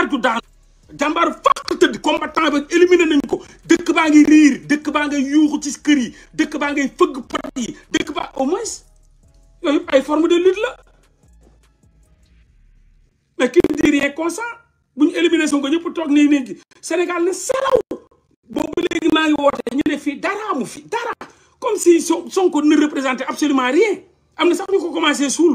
jàmbaar ju daan jàmbaar fàq tëdd combattant ba éliminé nañ ko dëkk baa ngi riir dëkk baa ngay yuuxu ci kër yi dëkk baa ngay fëgg pat yi dëkk baa au moins yooyu ay forme de lutte la mais qui ne dit rien consent bu ñu éliminé Sonko ñëpp toog nii nii Sénégal ne salaw boobu léegi maa ngi woote ñu ne fii dara amu fi dara comme si Sonko ne représentait absolument rien am na sax ñu ko commencé suul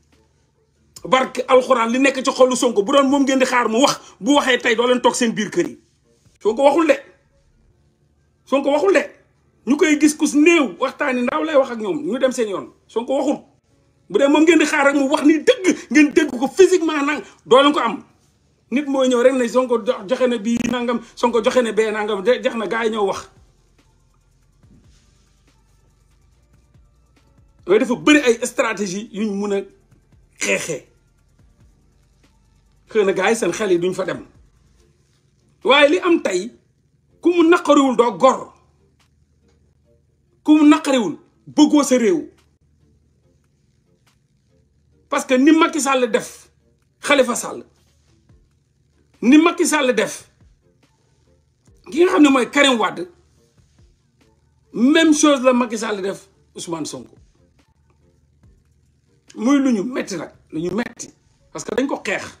barke alxuraan li nekk ci xolu Sonko bu doon moom ngeen di xaar mu wax bu waxee tey doo leen toog seen biir kër yi Sonko waxul de Sonko waxul de ñu koy gis kus néew waxtaani ndaw lay wax ak ñoom ñu dem seen yoon Sonko waxul bu dee moom ngeen di xaar rek mu wax ni dëgg ngeen dégg ko physiquement nang doo leen ko am nit mooy ñëw rek ne Sonko joxe na bii nangam Sonko joxe na bee nangam jeex na gaa yi ñëw wax yooyu dafa bëri ay stratégie yuñ mun a xeexee xëy na gars yi seen xel yi duñ fa dem waaye li am tey ku mu naqariwul doo gor ku mu naqariwul bëggoo sa réew parce que ni Macky sàll def Khalifa sàll ni Macky sàll def ki nga xam ne mooy Karim Wade même chose la Macky Sall def Ousmane Sonko muy lu ñu metti nag lu ñu metti parce que dañ ko xeex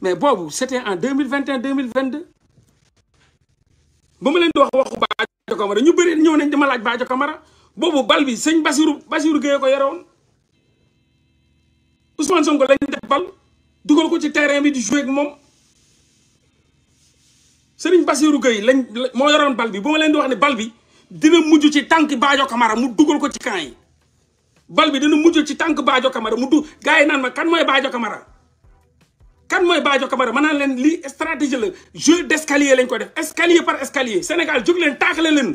mais boobu c'était en deux mille vingt et un deux mille ba ma leen di wax waxu Badio Camara ñu bëri ñëw nañ di ma laaj Badio Camara boobu bal bi sëñ Basirou Basirou Gueye ko yore woon Ousmane Sonko lañ def bal dugal ko ci terrain bi di jouer ak moom Serigne Basirou Gueye lañ moo yoroon bal bi ba ma leen di wax ne bal bi dina mujj ci tànk Badio Camara mu dugal ko ci camp yi bal bi dina mujj ci tànk Badio Camara mu du gars yi naan ma kan mooy Badio Camara kan mooy Badio Camara man naa leen lii stratégie la jeu d' escalier lañ ko def escalier par escalier Sénégal jóg leen taakale leen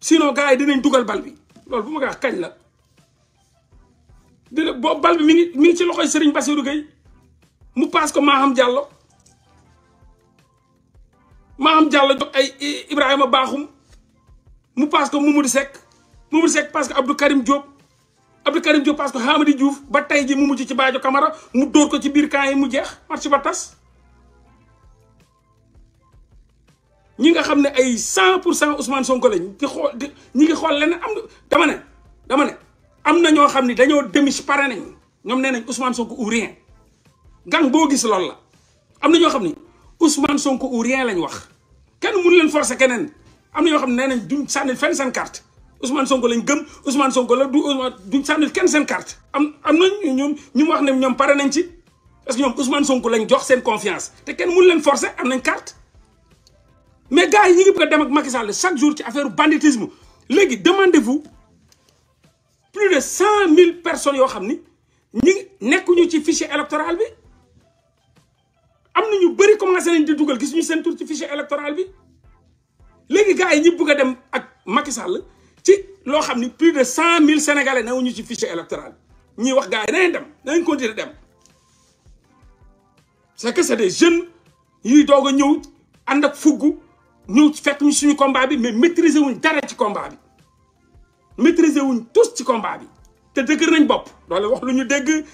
sinon gars yi dinañ dugal bal bi loolu bu ma ko wax kañ la. dina boobu bal bi mi ngi mi ngi ci loxoy Serigne Bassirou Gueye mu paas ko Maham jàllo Maham jàllo jox ay Ibrahima Bakhoum mu paas ko mu Mamadou Seck mu Seck paas ko Abdou Karim Diop. Abdou Karim Diop parce que Hamadi juuf ba tey ji mu mujj ci Badio Camara mu dóor ko ci biir camp yi mu jeex marché ba tas ñi nga xam ne ay cent pour cent Ousmane Sonko lañ di xool di ngi xool leneen am dama ne dama ne am na ñoo xam ne dañoo démiche pare nañ ñoom nee nañ Ousmane Sonko ou rien gang boo gis loolu la am na ñoo xam ne Ousmane Sonko ou rien lañ wax kenn mënu leen forcer keneen am na ñoo xam ne nee nañ duñ sànni fenn seen carte Ousmane Sonko lañ gëm Ousmane Sonko la du Ousmane duñ sànni kenn carte am am nañ ñoom ñu wax né ñom paré nañ ci parce que ñom Ousmane Sonko lañ jox sen confiance té kenn mënu leen forcer am nañ carte mais gars yi ñi bëgg a dem ak Macky Sall chaque jour ci affaire banditisme légui demandez-vous plus de 100 000 personnes yo xamni ni ñi nekkuñu ci fichier électoral bi amna ñu bëri commencé nañ di duggal gis ñu sen tour ci fichier électoral bi légui gars yi ñi bëgg a dem ak Macky Sall plus de 100 000 sénégalais newuñu ci fichier électoral ñi wax gens nañ dem nañ continuer dem c'est que c'est des jeunes qui doog ñew and ak fugg ñëw fekk ñu suñu combat bi mais maîtriser wuñ dara ci combat bi maîtriser wuñ tous ci combat bi te de nañ bopp loolu wax luñu dégg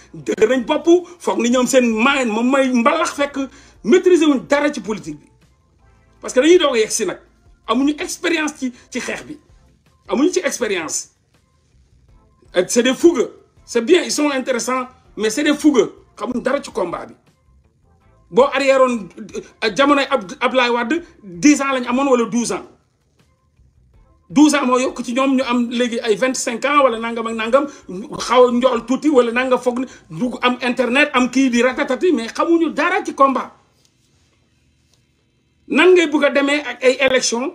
nañ bop fokk ni ñom sen main may mbalax fekk maîtriser wuñ dara ci politique bi parce que dañuy a yegg amuñu expérience ci ci c'est une expérience euh, c'est des fougues. c'est bien ils sont intéressants mais c'est des fougueux comme dara ci combat bi on a 10 ans lañ amoon wala 12 ans 12 ans moo yokk ci ñu ans wala nangam ak nangam xaw wala internet am di mais dara ci combat nan ngay bëgg élection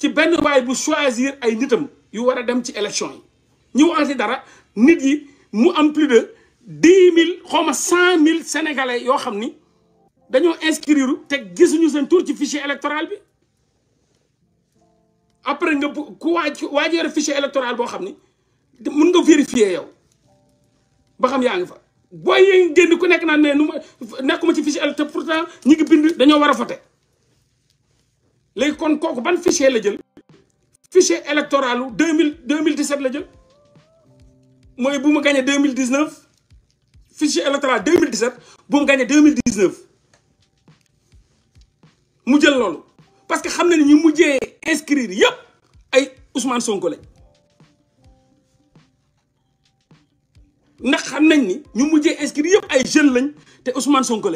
ci benn waay bu choisir ay nitam yu war a dem ci élection yi ñu waxante dara nit yi mu am plus de dix mille xaw ma cent mille sénégalais yoo xam ni dañoo inscrire te gisuñu seen tour ci fichier électoral bi après nga bu ku waaj waaj yore fichier électoral boo xam ni mun nga vérifier yow ba xam yaa ngi fa booy yee génn ku nekk naan ne nu ma nekkuma ci fichier électoral pourtant ñi ngi bind dañoo war a voter Les con quoi que ban fichier le fichier électoral en 2017 le Moi, il boum gagné 2019. Fichier électoral 2017, boum gagné 2019. Moudjel lolo. Parce que quand nous avons inscrire yop, ay Ousmane Sonko. Nous avons ni nous avons inscrire yop, ay jeunes, et Ousmane Sonko.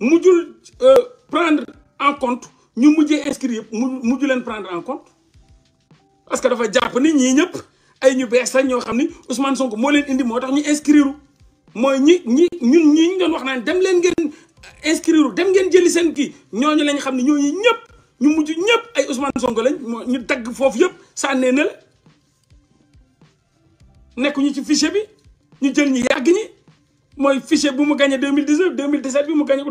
Nous devons euh, prendre en compte ñu mujjee inscrire yëpp mu mujj leen prendre en compte parce que dafa jàpp ni ñii ñëpp ay ñu bees lañ ñoo xam ni Ousmane Sonko moo leen indi moo tax ñu inscrire mooy ñi ñi ñun ñii ñu doon wax naan dem leen ngeen inscrire dem ngeen jëli seen kii ñooñu lañ xam ne ñooñu ñëpp ñu mujj ñëpp ay Ousmane Sonko lañ moo ñu dagg foofu yëpp sànnee na la nekkuñu ci fichier bi ñu jël ñi yàgg ñi mooy fichier bu mu gagné deux mille dix neuf deux mille dix sept bi mu gagné ko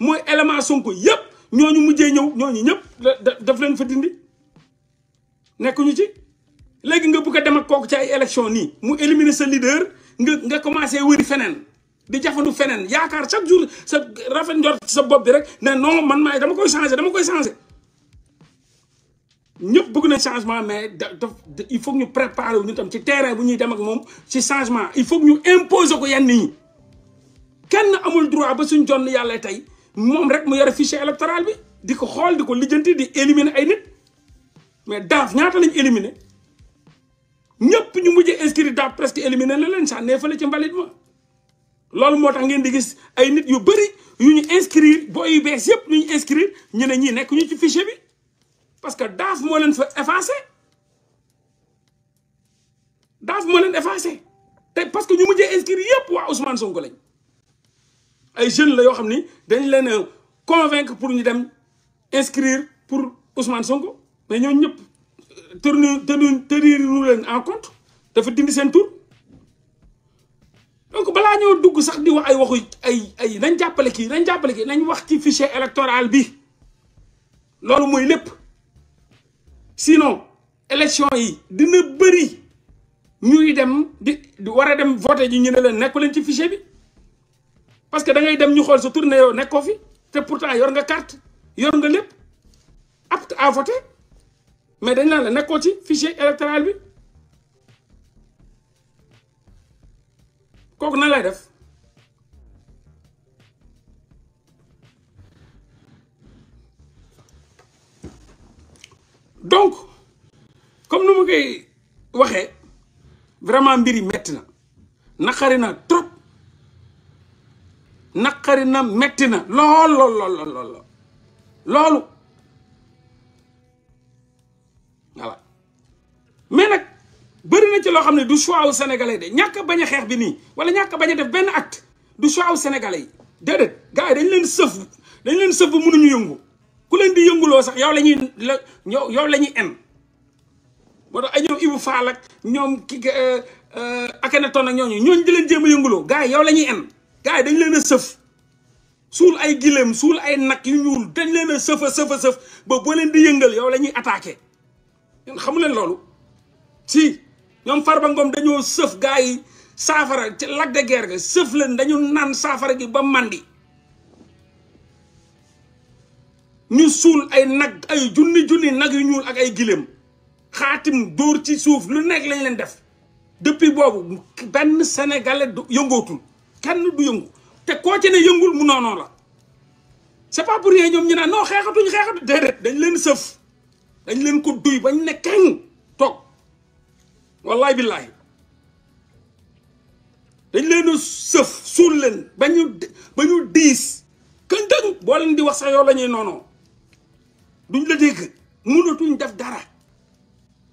mooy élément Sonko yëpp ñu mujjee ñëw ñoo ñu ñëpp daf leen fa dindi ñu ci léegi nga bëgg a dem ak kooku ci ay élection nii mu éliminer sa leader nga nga commencé wëri feneen di jafandu feneen yaakaar chaque jour sa rafet njort sa bopp bi rek ne non man maay dama koy changé dama koy changé ñëpp bëgg na changement mais da il faut ñu préparer wu ñu tam ci terrain bu ñuy dem ak moom ci changement il faut ñu imposer ko yenn yi kenn amul droit ba suñ jonn yàlla tey mom rek mu yore fichier électoral bi di ko xool di ko lijjanti di éliminer ay nit mais daaf ñaata lañ éliminer ñëpp ñu mujjee inscrit daaf presque éliminer na leen ça sànnee fële ci mbalit ma loolu moo tax ngeen di gis ay nit yu bari yu ñu inscrire boo yu bees yëpp ñu ñu inscrire ñu ne ñii nekk ñu ci fichier bi parce que daaf moo leen fa effacer daaf moo leen effacer te parce que ñu mujjee inscrire yëpp waa Ousmane Sonko lañ ay jeune la yo xamni dañ leen convaincre pour ñu dem inscrire pour Ousmane Sonko mais ñooñu ñëpp euh, tenu tenu teniru leen en compte dafa dindi sen tur donc bala ñoo dugg sax di wax ay waxu ay ay nañ jappalé ki nañ jappalé ki nañ wax ci fichier électoral bi lolu moy lepp sinon élection yi dina bëri ñuy dem di wara dem voter ji ñu ne la nekk leen ci fichier bi parce que da ngay dem ñu xool sa tournée yow nekkoo fi te pourtant yor nga carte yor nga lépp apte à voter mais dañ naan la nekkoo ci fichier électoral bi kooku na lay def donc comme nu ma koy waxee vraiment mbir yi metti na naqari na trop naqari na metti na lool lool lool lool loolu voilà mais nag bëri na ci loo xam ne du choix wu sénégalais de ñàkk a bañ xeex bi nii wala ñàkk a bañ a def benn at du choix wu sénégalais yi déedéet gars yi dañ leen sëf dañ leen sëf bu mënuñu yëngu ku leen di yënguloo sax yow la ñuy la yow la ñuy en moo tax ay ñoom Ibou Fall ak ñoom ki euh, euh, Akhenaton ak ñooñu ñooñu di leen jéem a yënguloo gars yi yow la ñuy en gars yi dañ leen a sëf suul ay gileem suul ay nag yu ñuul dañ leen a sëf a sëf a sëf ba leen di yëngal yow lañuy ñuy attaqué loolu si ñoom Farba Ngom sëf gars yi saafara ci lac de guerre ga naan saafara gi ba màndi ñu suul ay nag ay junni junni nag yu ñuul ak ay gileem xaatim dóor ci suuf lu nekk lañ leen def depuis boobu benn sénégalais yëngootul kenn du yëngu te koo ci ne yëngul mu noonoo la c'est pas pour rien ñoom ñu naan non xeexatuñ xeexatu déedéet dañ leen sëf dañ leen ko duy bañ ne kañ toog wallaay billahi dañ leen a sëf suul leen ba ñu diis këndëng boo leen di wax sax yoo lañuy ñuy noonoo duñ la dégg mënatuñ def dara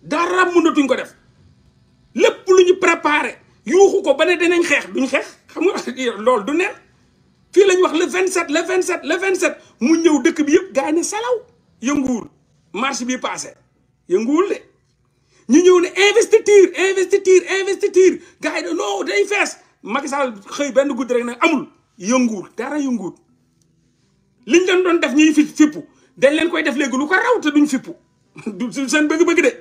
dara mënatuñ ko def lépp lu ñu préparé yuuxu ko ba ne dinañ xeex duñ xeex xam nga loolu du nen fii lañ wax le 27 le 27 le 27 mu ñëw dëkk bi yëpp gars yi ne salaw yënguwul marche bi passé yënguwul de ñu ñëw ne investiture investiture investiture gars yi de non day fees Macky xëy benn guddi rek nag amul yënguwul dara yënguut liñ leen doon def ñuy fi fippu dañ leen koy def léegi lu ko raw te duñ fippu du seen bëgg-bëgg de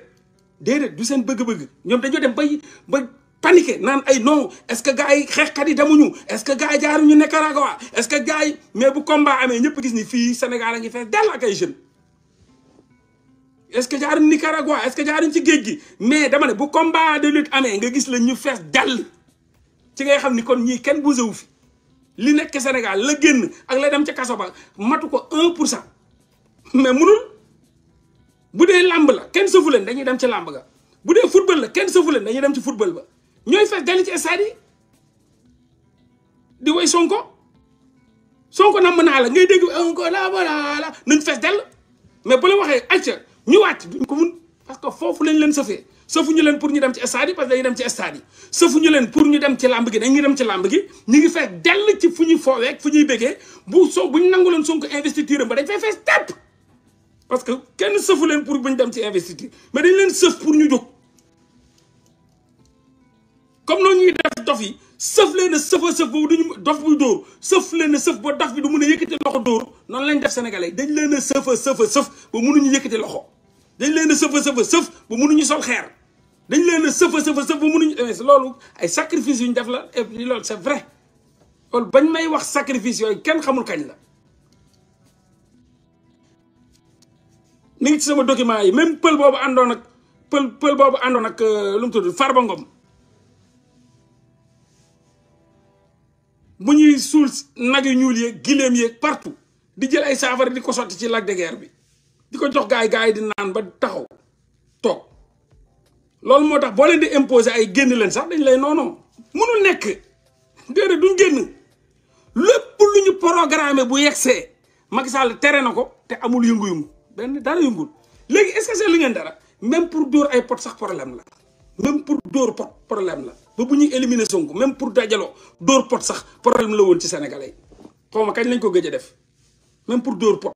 déedéet du seen bëgg-bëgg ñoom dañoo dem bay ba paniqué naan ay non est-ce que gars yi xeexkat yi demuñu est-ce que gars yi jaaruñu Nicaragua est-ce que gars yi mais bu combat amee ñëpp gis ni fii Sénégal a ngi fees dell ak ay jeunes. est-ce que jaaruñu Nicaragua est-ce que jaaruñu ci géej gi mais dama ne bu combat de lutte amee nga gis la fees dell ci ngay xam ni kon ñii kenn bougé wu fi li nekk Sénégal la génn ak la dem ci kaso ba matu ko un pour cent mais munul bu dee làmb la kenn sëfu leen dañuy dem ci làmb ga bu dee football la kenn sëfu leen dañuy dem ci football ba. ñooy fees dell ci stade di woy sonko sonko namm naa la ngay dégg encore la voilà la nañ fees dell mais bu la waxee acca ñu wàcc duñ ko mun parce que foofu lañ leen sëfee sëfuñu leen ñu dem ci stade yi parce dem ci stade yi sëfuñu leen pour ñu dem ci làmb gi dañ gi dem ci làmb gi ñu ngi fees dell ci fu ñuy fooweeg fu ñuy bégee bu soo buñ nangu leen sonko investiture ba dañ fay fees tepp parce que kenn sëfu leen pour bu ñu dem ci investiture mais dañ leen sëf pour ñu jóg comme nous ñuy def dof yi sëf leen a sëf a sëf boobu duñu dof bu dóor sëf leen a sëf ba dof bi du mun a yëkkati loxo dóor noonu lañ def sénégalais dañ leen a sëf a sëf a sëf ba mënuñu yëkkati loxo dañ leen a sëf a sëf a sëf ba mënuñu sol xeer dañ leen a sëf a sëf a sëf ba mënuñu loolu ay sacrifice yu ñu def la et puis loolu c'est vrai loolu bañ may wax sacrifice yooyu kenn xamul kañ la ni ngi ci sama document yi même pël boobu àndoon ak pël pël boobu àndoon ak lu mu tudd Farba Ngom bu ñuy suul nag yu ñuul yeeg giléem yeeg partout di jël ay saafara di ko sotti ci lac de bi di ko jox gaay gaay di naan ba taxaw toog loolu moo tax boo leen di imposer ay génn leen sax dañ lay noonoo mënul nekk déedéet duñ génn lépp lu ñu programme bu yegsee Macky Sall tere na ko te amul yëngu-yëngu benn dara yëngul léegi est-ce lu ngeen dara même pour dóor ay pot sax problème la même pour dóor pot problème la ba buñu ñuy éliminer Sonko même pour dajaloo dóor pot sax problème la woon ci Sénégalais yi xaw kañ lañ ko gëj def même pour dóor pot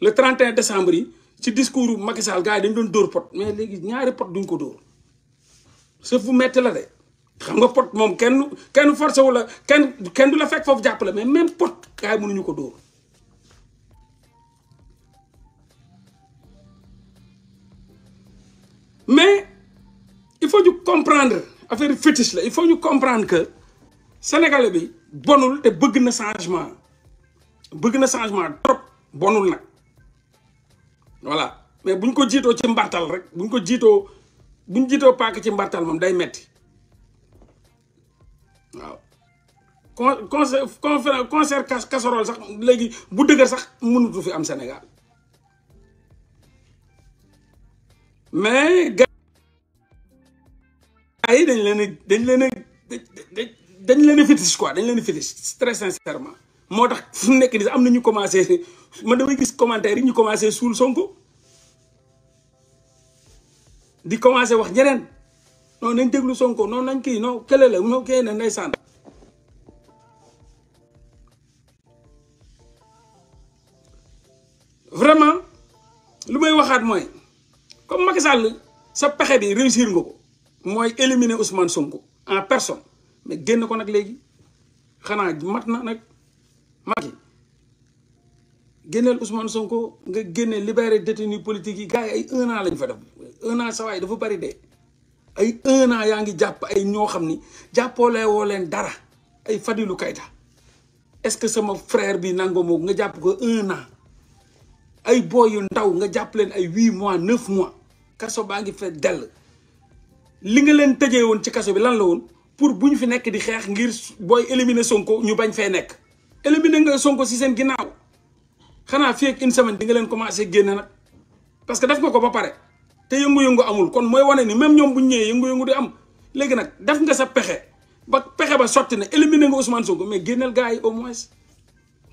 le 31 décembre yi ci discoursu Macky Sall gaay dañ doon dóor pot mais légui ñaari pot duñ ko door sëf bu metti la dé xam nga pot mom kenn kenn forcé wu la kenn kenn du la fekk japp la mais même pot gaay mënuñu ko door mais il faut du comprendre affaire fétiche la il faut ñu comprendre que sénégalais bi bonul te bëgg na changement bëgg na changement trop bonul nag voilà mais bu ñu ko jiitoo ci mbartal rek bu ñu ko jiitoo bu ñu jiitoo paak ci mbartal moom day metti waaw con concert concert casserole sax léegi bu dëgër sax mënutu fi am Sénégal mais. yi dañ leen a dañ leen a dañ leen a fétiche quoi dañ leen a fétiche très sincèrement moo tax fu nekk nii am na ñu commencé man damay gis commentaire yi ñu commencé suul Sonko di commencé wax ñeneen non nañ déglu Sonko noonu nañ kii non kële la non kii nay ndeysaan vraiment lu may waxaat mooy comme Macky Sall sa pexe bi réussir nga ko. suis éliminer Ousmane Sonko en personne mais génn ko ne xana mat na Je Ousmane Sonko nga libéré détenu politique yi gars ay un an lañ fa def un an sawaay dafa bari un an ay ño xamni jappolé wo len est-ce que sama frère bi Nangomo, nga un an ay boy yu ndaw nga huit mois neuf mois li nga leen tëjee woon ci kaso bi lan la woon pour bu ñu fi nekk di xeex ngir booy éliminer Sonko ñu bañ fee nekk. éliminer nga Sonko si seen ginnaaw xanaa fii ak une di nga leen commencé génne nag parce que def nga ko ba pare te yëngu-yëngu amul kon mooy wane ni même ñoom bu ñu ñëwee yëngu di am léegi nag def nga sa pexe ba pexe ba sotti na éliminer nga Ousmane Sonko mais génneel gars yi au moins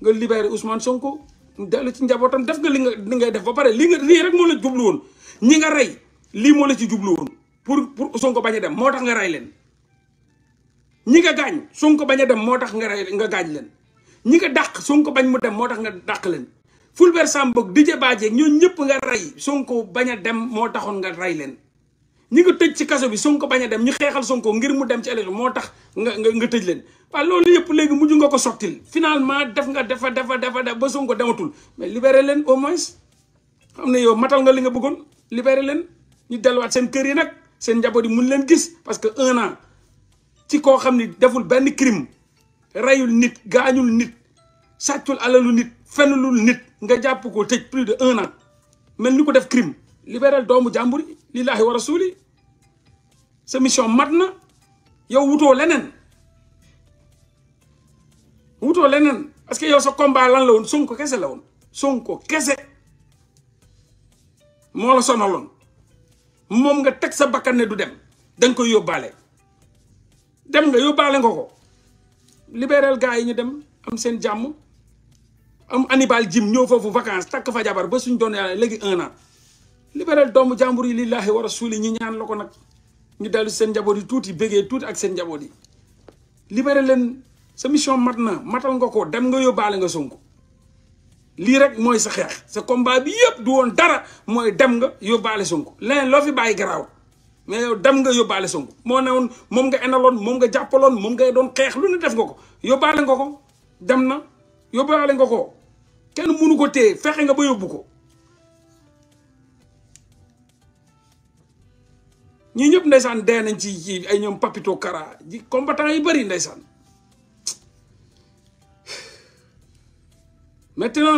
nga libéré Ousmane Sonko dellu ci njabootam def nga li nga li ngay def ba pare li nga lii rek moo la jublu woon ñi nga rey lii moo la ci jublu woon pour pour sonko baña dem motax nga ray len ñi nga gañ sonko baña dem motax nga ray nga gañ len ñi nga dakk sonko bañ mu dem motax nga dakk len Fulbert Sambok Didier Badji ñoo ñëpp nga ray sonko baña dem mo taxon nga ray len ñi nga tejj ci kasso bi sonko baña dem ñu xéxal sonko ngir mu dem ci élection motax nga nga tejj len wa lolu loolu yëpp muju nga ko sortil finalement def nga defa defa defa def ba sonko dematul mais libéré len au moins xam yow matal nga li nga bëggon libéré len ñu wat seen kër yi nak seen njaboot yi mun leen gis parce que un an ci koo xam ni deful benn crime reyul nit gaañul nit sàccul alalu nit fenlul nit nga jàpp ko tëj plus de un an mel ni ko def crime libéral doomu jàmbur yi lillaahi war a suuli mission mat na yow wutoo leneen wutoo leneen parce que yow sa combat lan la woon Sonko kese la woon Sonko kese moo la sonaloon moom nga teg sa bakkan ne du dem da koy yóbbaale dem nga yóbbaale nga ko libéral gars yi ñu dem am seen jàmm am Hannibal Jim ñëw foofu vacance takk fa jabar ba suñ doon yàlla léegi un an libéral doomu jàmbur yi lillaahi a rasuuli ñi ñaan la ko nag ñu dellu seen njaboot yi tuuti bégee tuuti ak seen njaboot yi libéré leen sa mission mat na matal nga ko dem nga yóbbaale nga Sonko lii rek mooy sa xeex sa combat bi yëpp du woon dara mooy dem nga yóbbaale Sonko leneen loo fi bàyyi garaaw mais yow dem nga yóbbaale Sonko moo ne woon moom nga enaloon moom nga jàppaloon moom ngay doon xeex lu ne def nga ko yóbbaale nga ko dem na yóbbaale nga ko kenn mënu ko téye fexe nga ba yóbbu ko ñii ñëpp ndeysaan dee nañ ci ay ñoom Papito Kara ji combattant yi bëri ndeysaan métti na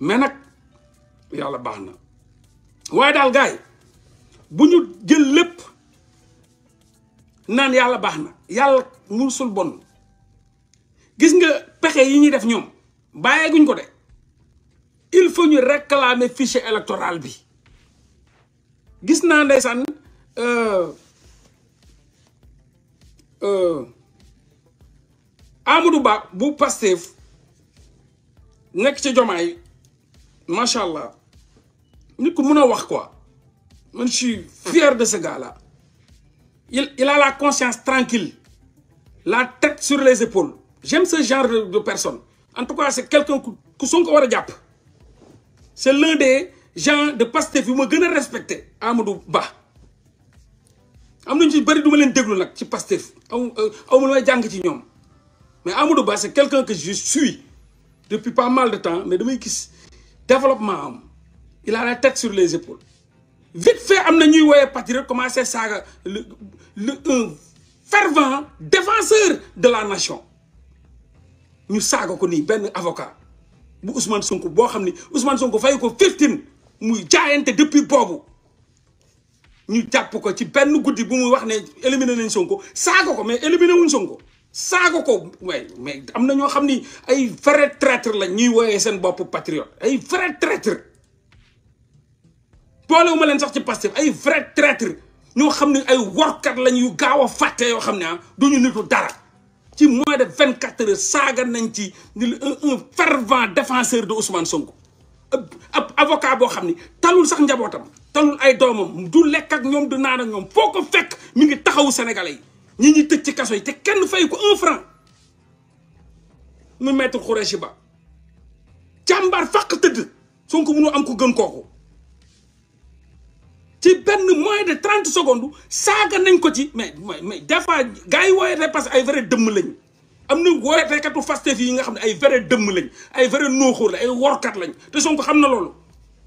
mais nag yàlla baax na waaye daal gaay bu ñu jël lépp naan yàlla baax na yàlla musul bon gis nga pexe yi ñuy def ñoom bàyyeeguñ ko de il faut ñu réclamer fichier électoral bi gis naa ndeysaan euh, euh, Amadou Ba bu Pastef nekk ci jomaay Machallah, allah nit ne peux wax quoi je suis fier de ce gars là il il a la conscience tranquille la tête sur les épaules j'aime ce genre de personne en tout cas c'est quelqu'un qui Sonko war a c'est l'un des gens de Pastef qui me respecte respecter respecté Amadou Ba am nañu ci bëri du ma leen déglu nag ci Pastef euh, ci PASTEF mais Amadou Ba c'est quelqu'un que je suis depuis pas mal de temps mais damay gis développement il a la tête sur les épaules vite fait am a ñuy commencé à le un fervent défenseur de la nation ñu saaga ko un avocat Ousmane Sonko boo Ousmane Sonko fay ko firtin muy depuis depuis Nous ñu jàpp ko ci benn guddi bu muy wax ne éliminé nañ Sonko saaga ko mais éliminé wuñ Sonko saaga ko way mais am na ñoo xam ni ay vrai traître la ñuy wooyee seen boppu patriote ay vrai traître boolewuma leen sax ci Pastef ay vrai traître ñoo xam ne ay workat lañ yu gaaw a fàtte yoo xam ne ah duñu nitu dara ci moins de vingt quatre heures saaga nañ ci un fervent défenseur de Ousmane Sonko ab avocat boo xam ni talul sax njabootam talul ay doomam du lekk ak ñoom du naan ak ñoom foo ko fekk mi ngi taxawu sénégalais ñi ñuy tëj ci kaso yi te kenn fay ko un franc mu maître Khoureyssi Ba càmbar fàq tëdd Sonko mënoo am ko gën kooku ci benn moins de trente secondes saaga nañ ko ci mais mais des fois gars yi wooyatee parce que ay vrai dëmm am na wooyateekatu Pastef yi nga xam ne ay vrai dëmm lañ ay vrai nooxóor la ay workat lañ te Sonko xam na loolu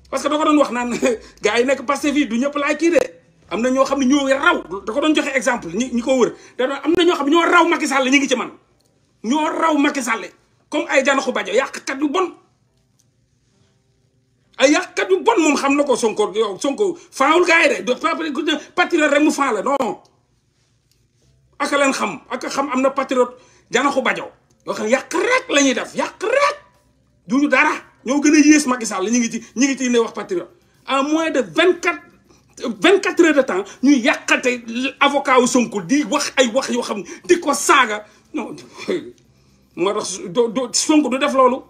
parce que da ko wax naan gaa yi nekk Pastef yi du ñëpp laay kii de. am na ñoo xam ne ñoo raw da ko doon joxe ñi ko wër da doon ñoo xam ne ñoo raw Macky Sall ñu ngi ci man ñoo raw Macky Sall comme ay janaxu bajo yàqkat yu bon ay yàqkat yu bon moom xam na ko Sonko Sonko faawul gars yi de patriote rek mu faala la non aka leen xam aka xam am na patriote janaxu bajo yoo xam yàq rek la ñuy def yàq rek duñu dara ñoo gën a yées Macky Sall ñu ngi ci ñu ngi ci ne wax patriote a mois de vingt-quatre 24 heures de temps ñuy yàqante avocat wu Sonko di wax ay wax yoo xam ne di ko saaga non moo tax Sonko du def loolu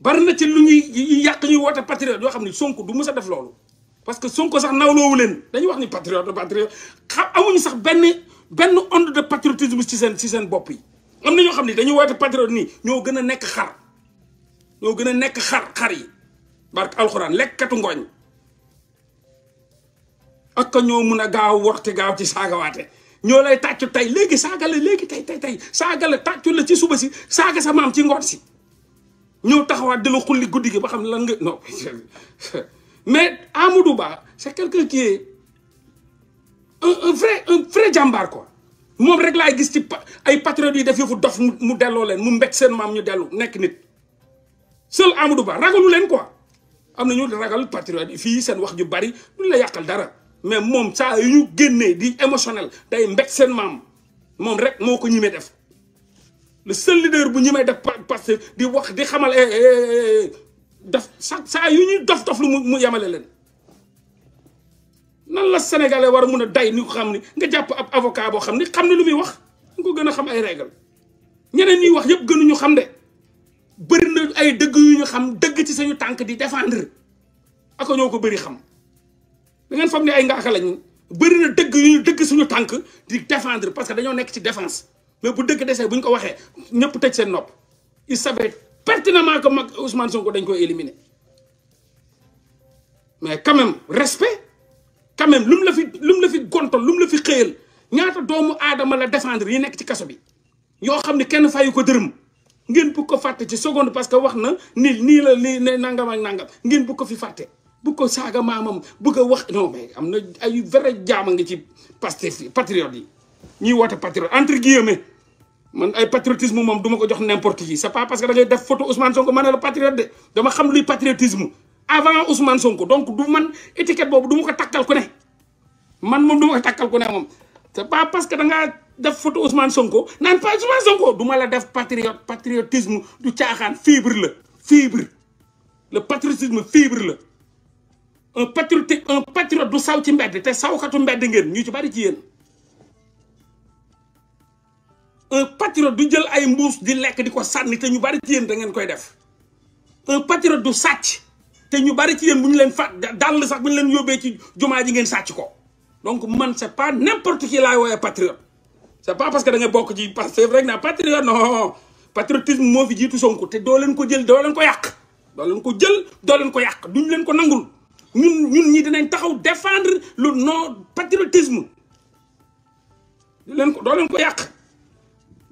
bari na ci lu ñuy yàq ñuy woote patriote yoo xam ne Sonko du mës a def loolu parce que Sonko sax nawloowu leen dañuy wax ni patriote patriote xam amuñu sax benn benn onde de patriotisme ci seen ci seen bopp yi am na ñoo xam ne dañuy woote patriote nii ñoo gën a nekk xar ñoo gën a nekk xar xar yi barke alxuraan lekkatu ngooñ ak ka ñoo mun a gaaw waxte gaaw ci ñoo lay tàccu tey léegi saaga léegi tey tey tey saaga tàccu la ci suba si saaga sa maam ci ngoon si ñëw taxawaat di la guddi gi ba xam lan nga non mais Amadou Ba c'est quelqu'un qui est un vrai un vrai jàmbaar quoi moom rek laay gis ci ay patriotes yi def yëfu dof mu delloo leen mu mbéj seen maam ñu dellu nekk nit seul Amadou Ba ragalu leen quoi am na ñu ragal patriotes yi fii seen wax ju bari duñ la yàqal dara mais mom ça yu ñu génnee di émotionnel day mbéj sen mam mom rek moko ko def le seul leader bu ñimee def parce que di wax di xamal eh, eh, eh, def ça yu ñuy dof dof lu mu yemale len nan la sénégalais war mëna day ñu ko xam ni nga japp ab avocat bo xamni xamni lu muy wax ko gëna xam ay règle ñeneen ñuy wax yëpp ñu xam dé bëri na ay dëgg yu ñu xam dëgg ci sañu tank di défendre ak ñoo ko bëri xam da ngeen fam ni ay ngaaka lañu bëri na dëgg yu ñu dëgg suñu tànk di défendre parce que dañoo nekk ci défense mais bu dëgg desee bu ñu ko waxee ñëpp tëj seen nopp il savait pertinemment ko mag Ousmane Sonko dañ koy éliminer mais quand même respect quand même lu mu la fi lum la fi gontol lu la fi xëyal ñaata doomu aadama la défendre yi nekk ci kaso bi yoo xam ne kenn fayu ko dërëm ngeen bëgg ko fàtte ci seconde parce que wax na ni nii la lii nangam ak nangam ngeen bëgg ko fi fàtte bu ko saga mamam bëgg a wax non mais amna ay vrai jaama nga ci pastef patriote yi ñi woote patriote entre guillemets man ay patriotisme mom duma ko jox n'importe qui c'est pas parce que da ngay def photo Ousmane Sonko man la patriote de dama xam luy patriotisme avant Ousmane Sonko donc du man étiquette bobu duma ko takal ku ne man mom duma ko takal ku ne mom c'est pas parce que da nga def photo Ousmane Sonko nan pas Ousmane Sonko duma la def patriote patriotisme du tiaxan fibre la fibre le patriotisme fibre la un euh, patriote un euh, patriote du saw ci mbedd te sawkatu mbedd ngeen ñu ci bari ci yeen un euh, patriote du jël ay mbuus di lek di ko sànni te ñu bari ci yeen da ngeen koy def un patriote du sacc te ñu bari ci yeen buñu leen fat dal sax buñu leen yobé ci jumaa ji ngeen sacc ko donc man c'est pas n'importe qui la woowee patriote c'est pas parce que da nga bok ci Pastef rek na patriote non patriotisme mo fi jitu sonku te do leen ko jël do leen ko yak do leen ko jël do leen ko yak duñ leen ko nangul ñun ñun ñi dinañ taxaw défendre le non patriotisme du len ko do len ko yak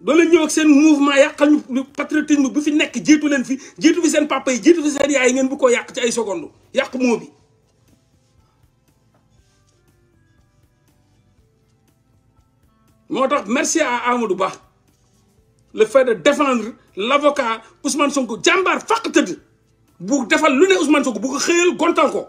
do len ñew ak sen mouvement yàqal ñu patriotisme bu fi nek jiitu len fi jiitu fi sen papa yi jiitu fi seen yaay ngeen bu ko yak ci ay secondes yak mo bi motax merci à Amadou Ba le fait de défendre l'avocat Ousmane Sonko jambar fàq tëdd bu defal lu ne Ousmane Sonko bu ko xeyel gontal ko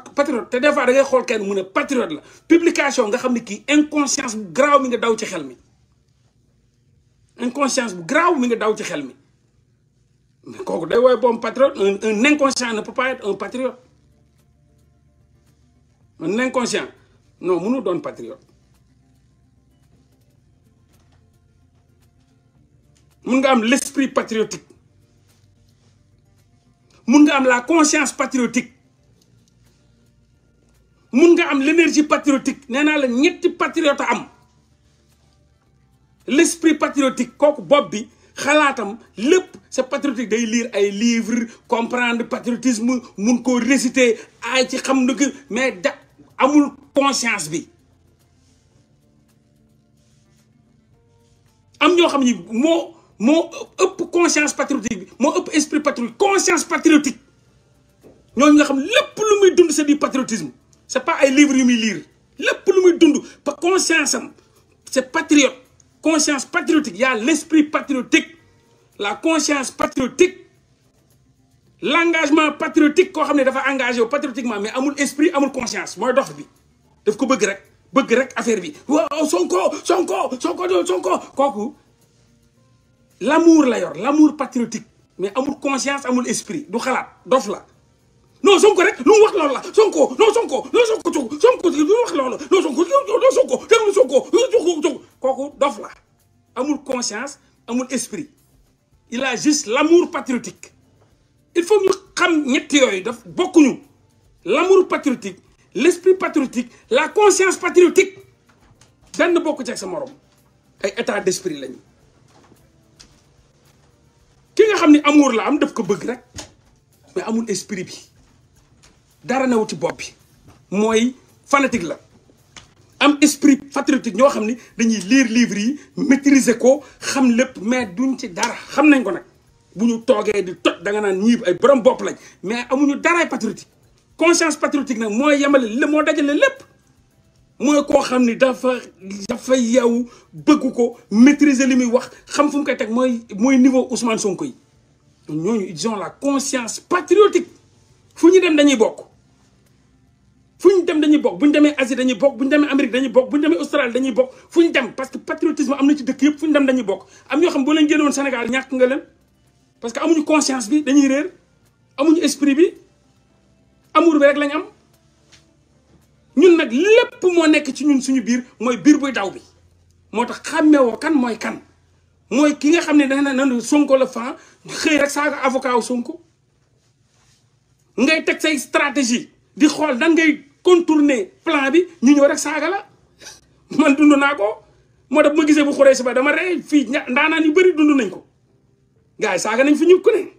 patriote tu des fois da ngay patriote la publication nga xamni inconscience grave. Une mi nga daw ci xel mi inconscience grave. mi nga daw ci xel mais day patriote un inconscient ne peut pas être un patriote un inconscient non mënu un patriote On nga am l'esprit patriotique Nous nga am la conscience patriotique mun nga am l'énergie patriotique nee naa la ñetti patriote l'esprit patriotique comme Bobby, c'est patriotique de lire des livres comprendre patriotisme de réciter ay ci xam mais conscience bi am ñoo conscience. patriotique, moo conscience patriotique mon esprit patriotique conscience patriotique Nous nga xam conscience lu patriotisme c'est pas un livre yu muy lire le lu muy dund conscience c'est patriote conscience patriotique Il y a l'esprit patriotique la conscience patriotique l'engagement patriotique On xam ne dafa engagé patriotiquement mais amul esprit amul conscience je dof bi daf ko bëgg rek grec rek affaire bi waaw Sonko Sonko Sonko Sonko Quoi l'amour la yor l'amour patriotique mais amul conscience amul esprit du là dof là non Sonko rek lu Son wax non la Sonko non Sonko non Sonko nous Sonko lu wax loolu la non Sonko non Sonko Sonko Sonko nous la amul conscience amul esprit il a juste l'amour patriotique il faut nous nous nous nous. nous. l'amour patriotique l'esprit patriotique la conscience patriotique benn bokku ci ak sa morom ay état d'esprit lañu ki nga amour la am daf ko bëgg rek mais amul esprit dara wuti fanatique la esprit patriotique ño xamni dañuy lire livre yi maîtriser ko xam mais duñ ci xam nañ ko di da nga ay borom lañ mais amuñu patriotique conscience patriotique nak moy yamale le mo dajale lepp moy ko xamni dafa dafa yew bëgg ko maîtriser limi wax xam niveau Ousmane Sonko yi ñoñu ils ont la conscience patriotique fu dem dañuy fu ñu dem dañuy bokk bu ñu demee Asie dañuy bokk bu ñu demee Amérique dañuy bokk bu ñu demee Australie dañuy bokk fu ñu dem parce que patriotisme am na ci dëkk yëpp fu ñu dem dañuy bokk am ñoo xam boo leen génnoon parce que amuñu conscience bi dañuy réer amuñu esprit bi amour bi lañ am ñun nag lépp moo nekk ci ñun suñu biir mooy biir buy bi moo tax xàmmeewoo kan mooy kan mooy ki nga xam ne dana nan Sonko la fan xëy rek saaga avocat wu Sonko ngay teg say stratégie di xool dan ngay contourner plan bi ñu ñëw rek saaga la man dund naa ko moo tax ma gisee bu xuree si ba dama rey fii ndaanaan yu bëri dundu nañ ko gars yi saaga nañ fi ñu ku ne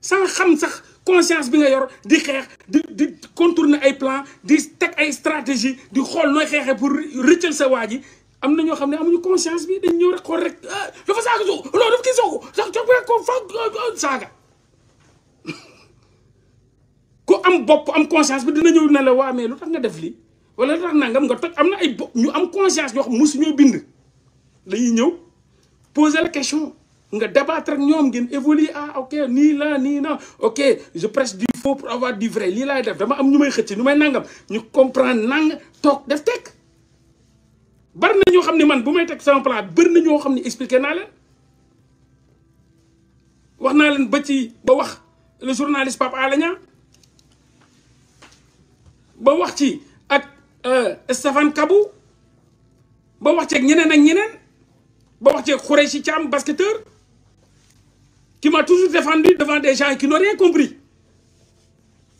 sans xam sax conscience bi nga yor di xeex di di contourner ay plan di teg ay stratégie di xool nooy xeexee pour rëccal sa waa ji am na ñoo xam ne amuñu conscience bi dañ ñëw rek xool rek ah, dafa saaga soo loolu daf kii soogu sax jox ko ah, ah, saaga ku am bopp am conscience bi dana ñëw ne la waa mais lu tax nga def lii wala lu tax nangam nga toj am na ay bopp ñu am conscience yoo xam mosu ñoo bind dañuy ñëw poser la question nga débattre ak ñoom ngeen évoluer ah ok nii la nii na ok je presse du faux pour avoir du vrai lii laay def dama am ñu may xëcc ñu may nangam ñu comprendre nang toog def teg bari na ñoo xam ne man bu may teg sama plan bari na ñoo xam ne expliqué naa leen wax naa leen ba ci ba wax le journaliste Pape Alé Niang ba wax ci ak euh, Stéphane Kabou ba wax ci ak ñeneen ak ñeneen ba wax ci ak Khoureyssi Thiam basketteur qui m'a toujours défendu devant des gens qui n'ont rien compris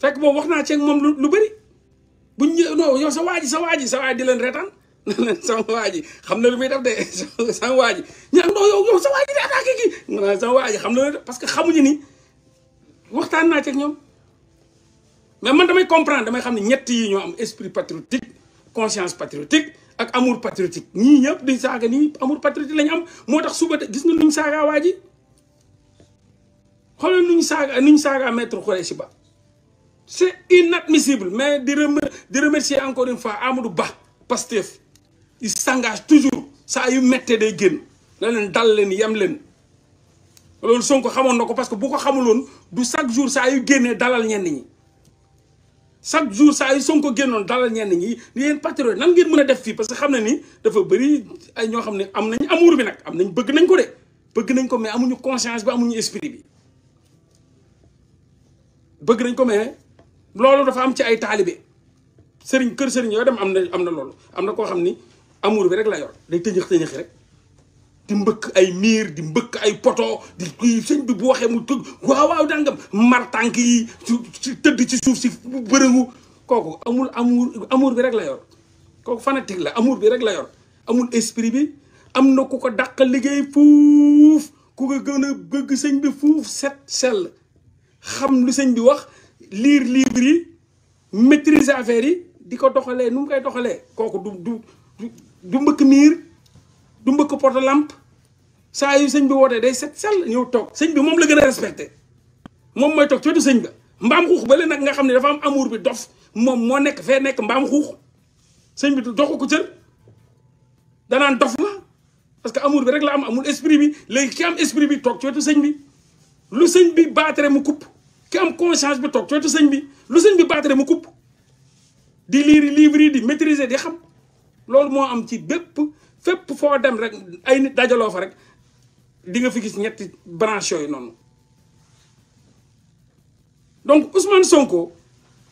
fekk boobu wax naa ci ak moom lu bëri buñ ñëw non sa waa ji sa waa ji sa di leen reetaan leen sama waa xam na lu muy def de sama waa ji ñu non yow yow sa waa ji di attaqué kii sama waa ji xam na parce que xamuñu ni waxtaan naa ceeg ak ñoom. mais man damay comprendre damay xamni ñett yi ñoo am esprit patriotique conscience patriotique ak amour patriotique ñi ñep di saga ni amour patriotique lañ am motax suba gis nga nuñ saagaa waji ji xoolal nuñ saaga nuñ maître Khoureyssi Ba c'est inadmissible mais di di remercier encore une fois Amadou Ba Pastef il s'engage toujours ça yu metté day génn na len dal len yam len lolou Sonko xamone nako parce que bu ko xamulone du chaque jour ça yu génnee dalal ñen ñi chaque jour saa yu Sonko génnoon dalal ñenn ñi ni yéen patriote nan ngeen mën a def fii parce que xam na ni dafa bëri ñoo xam ne am nañ amur bi nag am nañ bëgg nañ ko de bëgg nañ ko mais amuñu conscience bi amuñu esprit bi bëgg nañ ko mais loolu dafa am ci ay taalibe sëriñ kër sëriñ yooyu dem am na am na loolu am na koo xam ni amour bi rek la yor day tëñëx tëñëxi rek di mbëkk ay miir di mbëkk ay poto di kii sëñ bi bu waxee mu tëgg waaw waaw dangam mar tànk yi ci tëdd ci suuf si bërëngu kooku amul amour amour bi rek la yor kooku fanatique la amour bi rek la yor amul esprit bi am na ku ko daq liggéey fuuf ku ko gën a bëgg sëñ bi fuuf set sel xam lu sëñ bi wax lire livre yi maîtriser affaire yi di ko doxalee nu mu koy doxalee kooku du du du mbëkk miir du mbëkk porte lampe sa yu seigne bi wote day set sel tok seigne bi mom la gëna respecter mom moy tok ci ba mbam ba nga xamni dafa am amour bi dof mom mo nek nek mbam seigne bi ko dof la parce que amour bi rek la am amul esprit bi ki am esprit bi tok ci bi lu seigne bi mu ki am conscience bi bi lu bi mu livre di maîtriser di xam loolu mo am ci fep fo dem rek ay nit dajalo fa rek di nga fi gis ñet branche yoy non donc Ousmane Sonko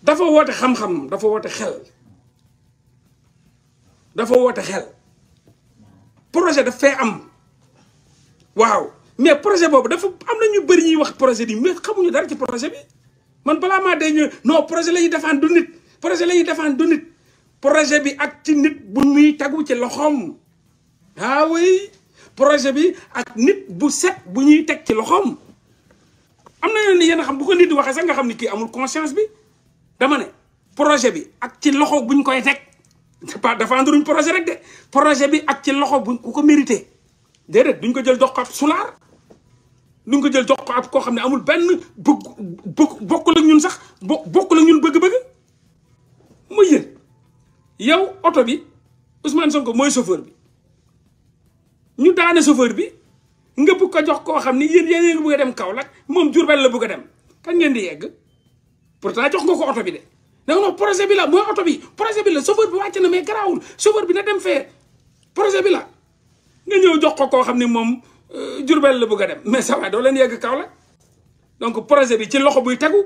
dafa wote xam-xam dafa wote xel dafa wote xel projet da fay am waaw mais projet bobu dafa am nañu bari ñi wax projet bi mais xamuñu dara ci projet bi man bala ma de ñu non projet lañu ñuy defaan du nit projet lañu defaan du nit projet bi ak ci nit bu muy tagu ci loxom ah oui projet bi ak nit bu set bu ñuy teg ci loxoom am na yeneen yéen xam bu ko nit di waxee sax nga xam ni kii amul conscience bi dama ne projet bi ak ci loxo buñ koy teg pas défendre uñ projet rek de projet bi ak ci loxo bu ku ko mérité déedéet duñ ko jël jox ko ab sulaar duñ ko jël jox ko ab koo xam ne amul benn bëgg bëgg bokkul ak ñun sax bo bokkul ak ñun bëgg-bëgg mu yën yow oto bi Ousmane Sonko mooy chauffeur bi. ñu daane chauffeur bi nga bëgg ko jox ko xamni yeen yeen yéen a bëgg a dem Kaolack moom Diourbel la bëgg a dem kan ngeen di yegg pourtant jox nga ko auto bi de nak no projet bi la moy auto bi projet bi la chauffeur bi wacc na mais grawul chauffeur bi na dem fe projet bi la nga ñew jox ko ko xamni mom moom euh, Diourbel la bëgg a dem mais ça va do leen yegg Kaolack donc projet bi ci loxo buy tegu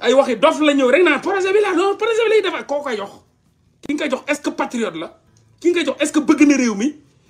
ay waxi dof la ñew rek na projet bi la non projet bi lay def ko ko jox ki nga jox est-ce que patriote la ki nga jox est-ce que bëgg na rew mi.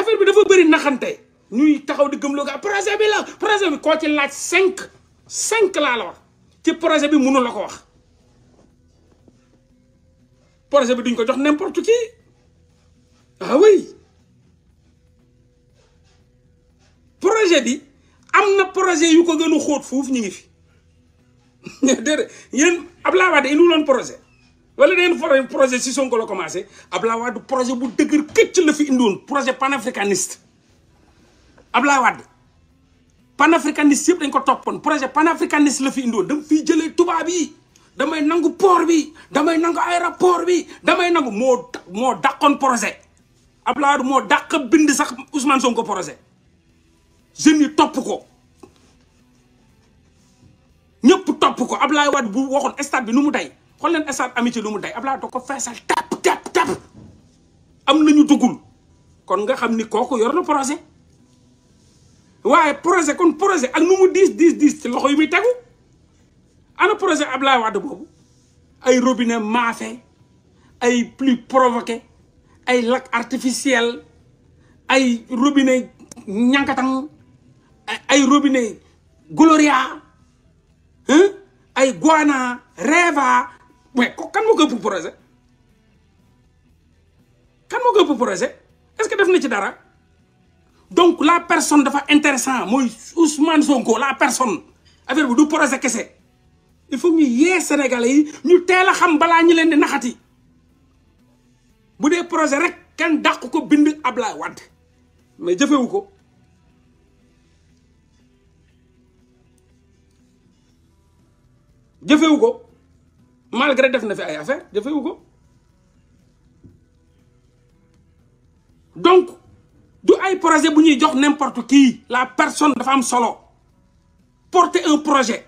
affaire bi dafa bëri naxante ñuy taxaw di gëmloo ga projet bi la projet bi koo ci laaj cinq cinq laa la wax ci projet bi mënu la ko wax projet bi duñ ko jox n'importe qui ah oui projet bi am na projet yu ko gën a xóot foofu ñu ngi fi déedéet yéen Abdoulaye Wade indiwuloon projet wala ngeen foree projet ci Sonko la commencé Abdoulaye Wade projet bu deugur kecc la fi indiwoon projet panafricaniste Abdoulaye Wade panafricaniste yeb dañ ko toppoon projet panafricaniste la fi indiwoon dem fi jëlee touba bi damay nangu port bi damay nangu aéroport bi damay nangu mo mo dàqoon projet Abdoulaye Wade moo dàq bind sax Ousmane Sonko projet jeunes yi topp ko ñepp top ko Abdoulaye bu waxoon stade bi numu day xool leen stade amitié lu mu day Ablaye da ko feesal tap tap tap am ñu duggul kon nga xam ni kooku yor na projet waaye projet kon projet ak nu mu diis diis diis ci loxo yi muy tegu ana projet Ablaye Wade boobu ay robinet maafe ay pluie provoquée ay lac artificiel ay robine ñankatan ay robinet gloria ay guana reva mais vous kan pouvez projet est-ce que vous na ci donc la personne est intéressant moi, Ousmane Zongo, la personne vous bi du projet c'est. il faut que les Sénégalais ñu teel xam balaa ñu leen di naxati bu projet rek ko bind Ablaye mais malgré de na fi ay affaire defewu donc du ay projet bu n'importe qui la personne dafa femme solo porter un projet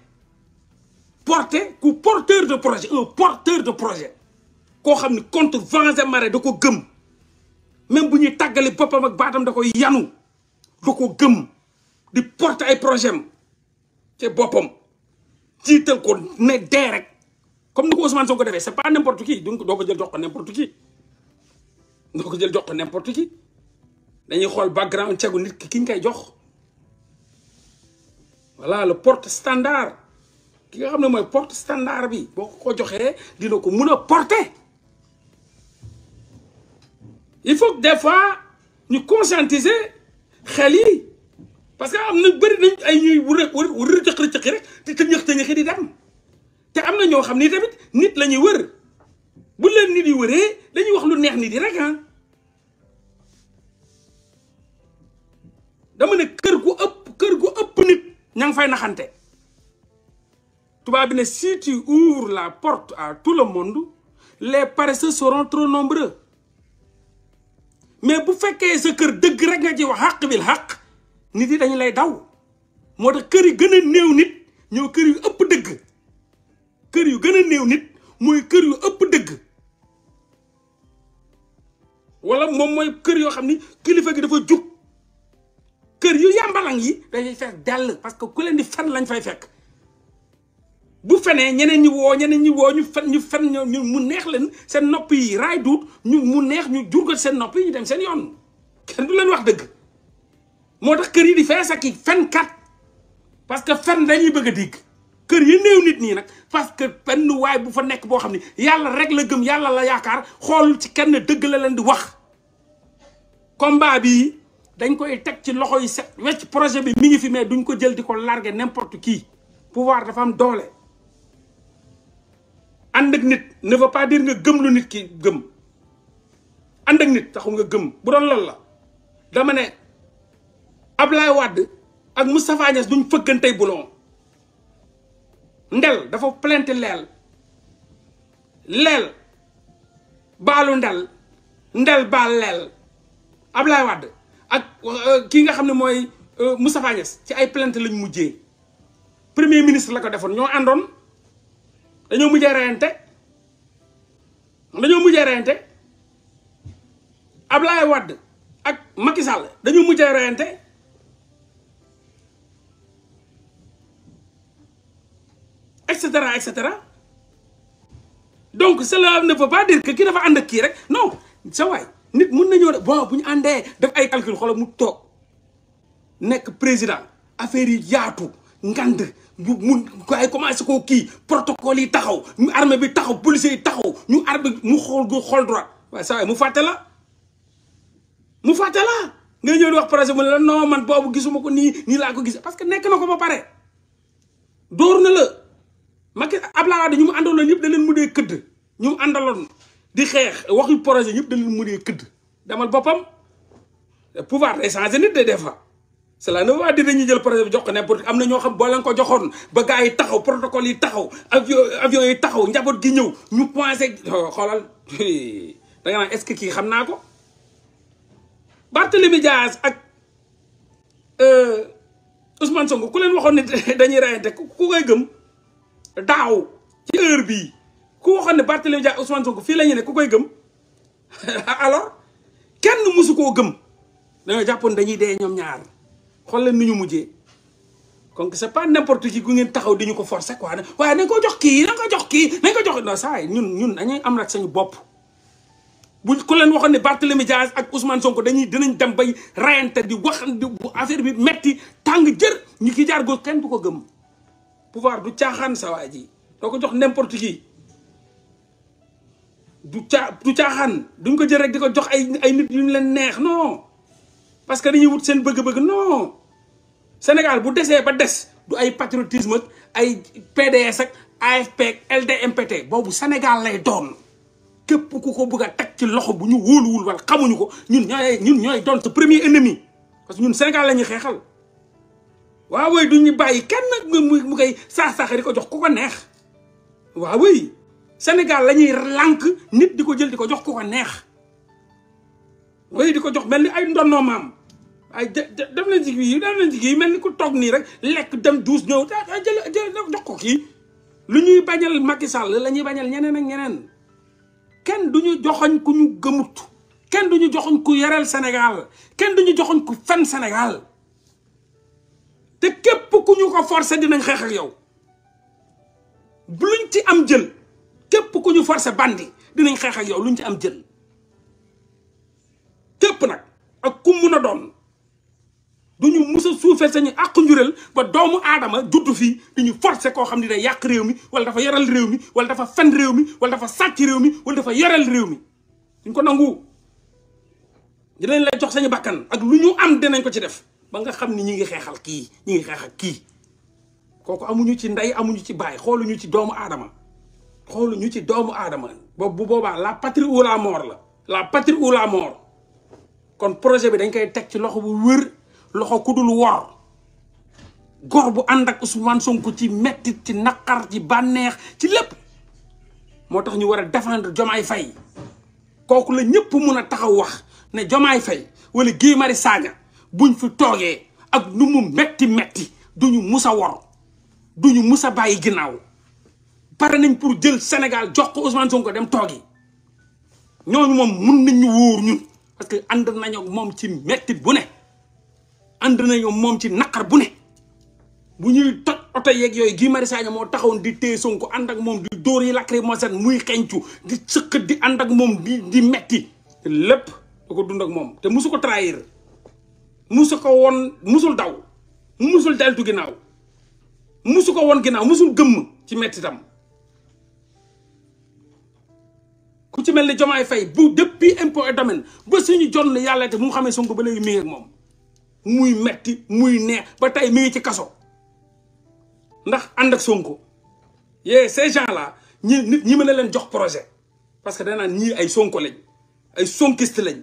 porter cou porteur de projet un porteur de projet qu'on xam contre vents et marées gum, même si on a boppam ak baatam da koy yanu de ko gum, di porter un projet am te boppam jiital ko ne direct comme nous Ousmane ce n'est pas n'importe qui donc ne jël n'importe qui Nous jël n'importe qui dañuy background nit ki voilà le porte standard qui nga porte standard bi ko dina porter il faut que des fois nous conscientiser parce que am na ay rek te am na ñoo xam ni tamit nit la ñuy wër bu leen nit yi wëree lañuy wax lu neex nit yi rek ah dama ne kër gu ëpp gu ëpp nit ña ngi fay naxante tubaab bi ne si tu ouvres la porte à tout le monde les paresseux seront trop nombreux mais bu fekkee sa kër dëgg rek nga ci wax xàq bil xàq nit yi dañu lay daw moo tax kër yi gën a néew nit ñoo kër yu ëpp dëgg kër yu gën a néew nit mooy kër yu ëpp dëgg wala moom mooy kër yoo xam ni kilifa gi dafa jug kër yu yàmbalang yi dañuy fees dell parce que ku leen di fen lañ fay fekk bu fenee ñeneen ñi woo ñeneen ñi woo ñu fen ñu fen ñu mu neex leen seen nopp yi raay duut ñu mu neex ñu jurgat seen nopp yi dem seen yoon kenn du leen wax dëgg moo tax kër yi di fees ak i fenkat parce que fen dañuy bëgg a dikk kër yi néew nit nii nag parce que benn waay bu fa nekk boo xam ne yàlla rek la gëm yàlla la yaakaar xool ci kenn dëgg la leen di wax. combat bi dañ koy teg ci loxo yi set wecc projet bi mi ngi fi mais duñ ko jël di ko larguer n'importe qui pouvoir dafa am doole. ànd ak nit ne veut pas nga gëm lu nit ki gëm ànd ak nit taxu nga gëm bu doon loolu la dama ne Ablaye wàdd ak Moustapha Niass duñ fëggantey bulon ndel dafa plainte lel lel balu ndel ndel bal lel ablay wad, ak euh, ki nga xamne moy mooy euh, Moustapha Niasse ci ay plainte lañ mujjé premier ministre la ko defoon ño àndoon dañu mujjé reyante dañu mujjé ablay Wade ak Macky Sall dañoo renté et cetera et cetera donc cela ne veut pas dire que kii dafa ànd ak kii rek non sa waay nit mun nañoo bon bu ñu àndee def ay calcul xoolal mu toog nekk président affaire yi yaatu ngand mu mun ay commencé koo kii protocole yi taxaw ñu armée bi taxaw policier yi taxaw ñu armée mu xool gu xool droit waaye sa waay mu fàtte la mu fàtte la nga ñëw di wax projet mu ne la non man boobu gisuma ko nii nii laa ko gis parce que nekk na ko ba pare dóor na la. Maka abla ada nyum mu àndaloon ñëpp da leen mu dee këdd lo di xeex waxu projet ñëpp da leen mu dee damal demal pouvoir day nit de defa fois cela ne veut pas dire dañuy jël projet bi jox ko n'importe am na xam boo leen ko joxoon ba gars taxaw protocole yi taxaw avion avion yi taxaw gi ñëw ñu poincé oh, xoolal da nga naan est-ce que kii xam ko ak euh, Ousmane Sonko ku leen waxoon dañuy rayante ku koy gëm daaw ci heure bi ku waxoon Barthélemy Barthélémy Ousmane Sonko fi la ne ku koy gëm alors kenn musu koo gëm dañoo jappone dañuy dé ñom ñaar xol la niñu mujjé donc c'est pas n'importe qui ku ngeen taxaw diñu ko forcer quoi waaye nañ ko jox ki nañ ko jox ki nañ ko jox non say ñun ñun dañuy am rek sañu bop bu ko leen waxone Barthélemy Barthélémy ak Ousmane Sonko dañuy dinañ dem bay rayante di wax di affaire bi metti tang jeur ñu ki jaar go kenn du ko gëm pouvoir du caaxaan sa waa ji doo ko jox n'importe qui du caa du caaxaan duñ ko jël rek di ko jox ay ay nit yu ñu leen neex noo parce que dañuy wut seen bëgg-bëgg non Sénégal bu desee ba des du ay patriotisme ak ay PDS ak AFP ak LDMPT boobu Sénégal lay doon képp ku ko bëgg a teg ci loxo bu ñu wóoluwul wala xamuñu ko ñun ñooy ñun ñooy doon sa premier ennemi parce que ñun Sénégal la ñuy xeexal. waaw waaye ñu bàyyi kenn mu koy saax-saax di ko jox ku ko neex waaw waaye Sénégal la lànk nit di ko jël di ko jox ku ko neex waaye di ko jox mel ni ay ndonnoo maam ay def na jig yi def na mel ni ku toog nii rek lekk dem duus ñëw ah, ah, jël jël jox ko kii lu ñuy bañal Macky Sall la bañal ñeneen a ñeneen kenn du ñu joxoñ ku ñu gëmut kenn du ñu joxoñ ku yareel Sénégal kenn du ñu joxoñ ku fen Sénégal te képp ku ñu ko forcé dinañ xeex yow luñ ci am jël képp ku ñu forcé bandi dinañ xeex yow luñ ci am jël képp nag ak ku mun a doon duñu mus a suufee sañu àq njureel ba doomu aadama juddu fii di ñu forcé koo xam ne day yàq réew mi wala dafa yoral réew mi wala dafa fen réew mi wala dafa sàcc réew mi wala dafa yoral réew mi duñ ko nangu dinañ lay jox sañu bakkan ak lu ñu am dinañ ko ci def ba nga xam ni ñi ngi xeexal kii ñi ngi xeexal kii kooku amuñu ci ndey amuñu ci baay xooluñu ci doomu aadama xooluñu ci doomu aadama boobu bu boobaa la patrie ou moor la la patrie ou la kon projet bi dañ koy teg ci loxo bu wér loxo ku dul wor góor bu ànd ak Ousmane sunk ci mettit ci naqar ci bànneex ci lépp moo tax ñu war a défendre Jomaay Fay kooku la ñëpp mun a taxaw wax ne Jomaay Fay wala Guy Marius Sagna buñ fi toogee ak nu mu metti metti duñu mus a wor duñu mus a bàyyi ginnaaw pare nañ pour jël Sénégal jox ko Ousmane Sonko dem yi ñooñu moom mun nañ ñu wóor ñun parce que ànd nañoo moom ci mettit bu ne ànd nañoo moom ci naqar bu ne bu ñuy toj oto yeeg yooyu gii Marius moo taxawoon di téye Sonko ànd ak moom di dóor yi lacrymogène muy xencu di sëq di ànd ak moom di di metti lépp da ko dund ak moom te musu ko trahir musu ko woon musul daw musul deltu ginnaaw musu ko woon ginnaaw musul gëmm ci mettitam ku ci mel ni Diomaye fay bu depuis impôt et domaine ba suñu jonn yàlla te bu mu xamee Sonko ba léegi mi ngi moom muy metti muy neex ba tey mi ngi ci kaso ndax ànd ak Sonko yee ces gens là ñi ñi mën a leen jox projet parce que danaan ñii ay Sonko lañ ay sonkiste lañ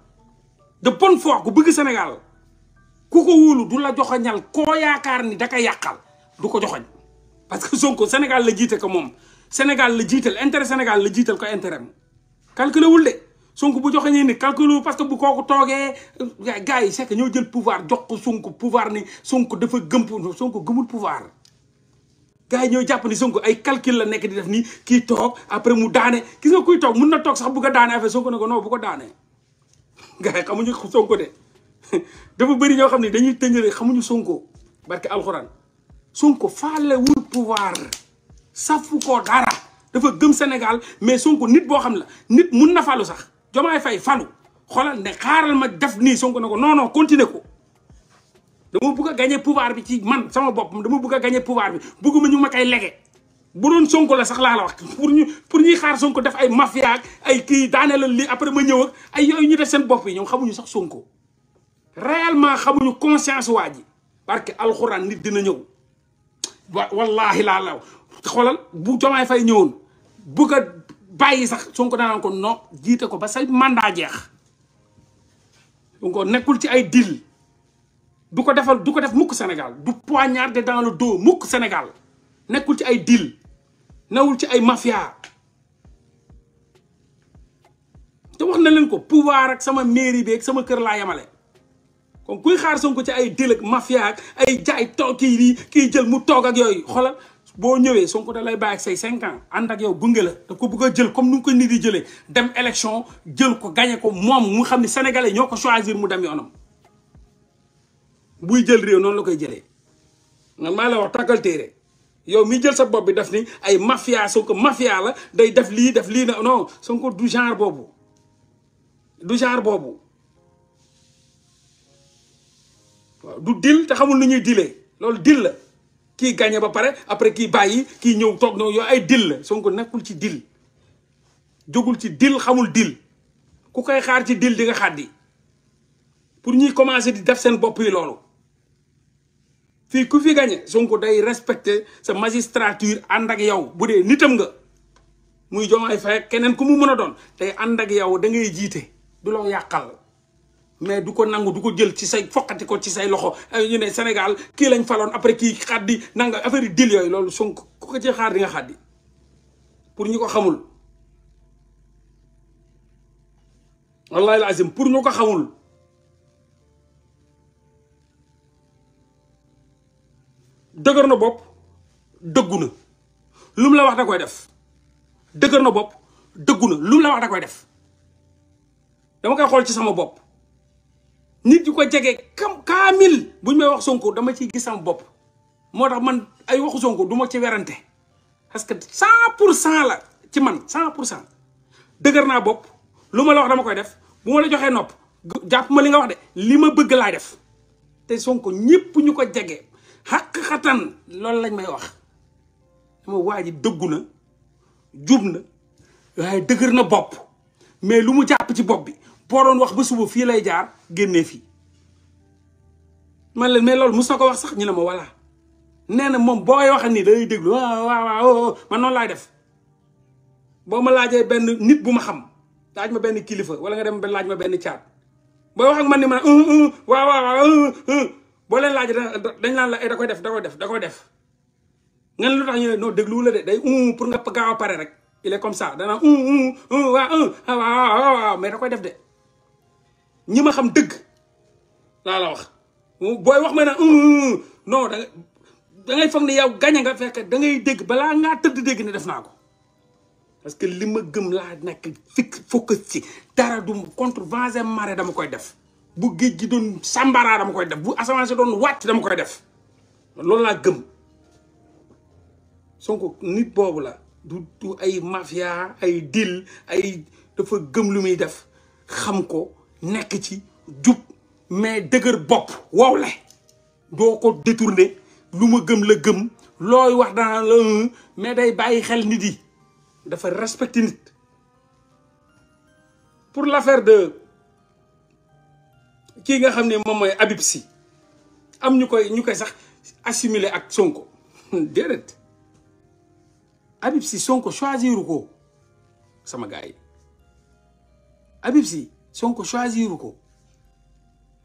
de bonne foi ku bëgg Sénégal ku ko wulu du la joxoñal ko yaakar ni da ka yakal du ko joxoñ parce que Sonko Sénégal la jité ko mom Sénégal la jiital intérêt Sénégal la jiital ko intérêt calculé wul dé Sonko bu joxoñee ni calculé parce que bu kooku toogee euh, gars yi c'est que ñoo jël pouvoir jox ko Sonko pouvoir ni Sonko dafa gëm Sonko gëmul pouvoir gaay ñoo japp ni Sonko ay calcul la nek di def ni ki tok après mu daané gis nga kuy tok mën na tok sax bu ko daané fa Sonko ne ko non bu ko daané gars yi xamuñu sonko de dafa bëri ñoo xam ne dañuy tëñëre xamuñu sonko barke alxuraan sonko faalewul pouvoir safu ko dara dafa gëm Sénégal mais sonko nit boo xam la nit mun na falu sax jomaay fay falu xoolal ne xaaral ma def nii sonko na ko non non continuer ko dama bëgg a gagné pouvoir bi ci man sama bopp dama bugg a gañee pouvoir bi bëgguma ñu ma koy lege bu doon sonko la sax la la wax pour ñu pour ñi xaar sonko def ay mafia ak ay ki daane la lii après ma ñew ak ay yoy ñu def sen bop yi ñom xamuñu sax sonko réellement xamuñu conscience waaji ji parce que alxuraan nit dina ñew wallahi la la xolal bu jomay fay ñëwoon bu ko bayyi sax sonko daan ko no jité ko ba say mandat jeex donc nekkul ci ay dil du ko defal du ko def mukk senegal du poignarder dans le dos mukk senegal nekul ci ay dil nawul ci ay mafia te wax na leen ko pouvoir ak sama mairie bi ak sama kër laa yemale kon kuy xaar Sonko ci ay dil ak mafia ak ay jaay toog kii nii kii jël mu toog ak yooyu xoolal boo ñëwee sunk dalay lay bàyyi ak say cinq ans ànd ak yow gunge la da ko bëgg a jël comme nu ngi ko nit di jëlee dem élection jël ko gagné ko moom mu xam ne sénégalais ñoo ko choisir mu dem yoonam buy jël réew noonu la koy jëlee man maa la wax takkal téere yow mi jël sa bopp bi def ni ay mafia Sonko mafia la day def lii def lii na non Sonko du genre boobu du genre boobu du dil te xamul nu ñuy dilee loolu dil la kii gagné ba pare après kii bàyyi kii ñëw toog na yow ay dil la Sonko nekkul ci dil jógul ci dil xamul dil ku koy xaar ci dil di nga xàddi pour ñuy commencer di def seen bopp yi loolu fi ku fi gagné Sonko day respecter sa magistrature ànd ak yow bu nitam nga muy Diomaye Faye keneen ku mu mën don doon day ànd ak yow da ngay jité du lo yakal mais duko nangou duko du jël ci say fokati ko ci say loxo euh, ñu né Sénégal ki lañ falon après ki xadi nanga affaire dil yoy Sonko ku ko ci di nga xadi pour xamul wallahi lazim pour ñu xamul dëgër na bopp dëggu na lu mu la wax da koy def dëgër na bopp dëggu lu mu la wax da koy def dama koy xool ci sama bopp nit yu ko jege kam kaamil bu ñu may wax sonko dama ciy gis sama bopp moo tax man ay waxu sonko duma ci werante parce que cent pour cent la ci man cent pour cent dëgër naa bopp lu ma la wax dama koy def bu ma la joxee nopp jàpp ma li nga wax de li ma bëgg laay def te sonko ñëpp ñu ko jege xatan loolu lañ may wax dama waa ji dëggu na jub na waaye dëgër na bopp mais lu mu jàpp ci bopp bi boo doon wax ba suba fii lay jaar génnee fii man leen mais loolu mos na ko wax sax ñu ne ma voilà nee na moom booy wax nii day déglu ah, waaw waaw oh, oh. man def boo ma laajee benn nit bu ma xam laaj ma benn kilifa wala nga dem laaj ma benn caat booy wax ak man ni ma ne ah, ah, waaw boo leen laaj dañ laa la ay eh, da koy def da koy def da koy def ngeen lu tax ñu ne non dégluwu la de day pour nga gaaw a pare rek il est comme sax danaa un un mais da koy def de ñi ma xam dëgg laa la wax booy wax ma ne un non da da ngay gañe nga fekk da ngay dégg balaa ngaa tëdd dégg ne def naa ko parce que li ma gëm laa nekk fix focus ci dara du contre vents et marées dama koy def bu géej gi doon dama koy def bu si doon dama koy def Sonko nit la du du ay mafia ay dil ay dafa gëm lu muy def xam ko nekk ci mais dëgër wow le détourné lu la wax dana mais day xel nit yi dafa respecté nit pour l'affaire de kii nga xam ne moom mooy Habib Sy am ñu koy ñu koy sax assimilé ak Sonko déedéet Habib Sy Sonko choisiru ko sama gars yi Habib Sy Sonko choisiru ko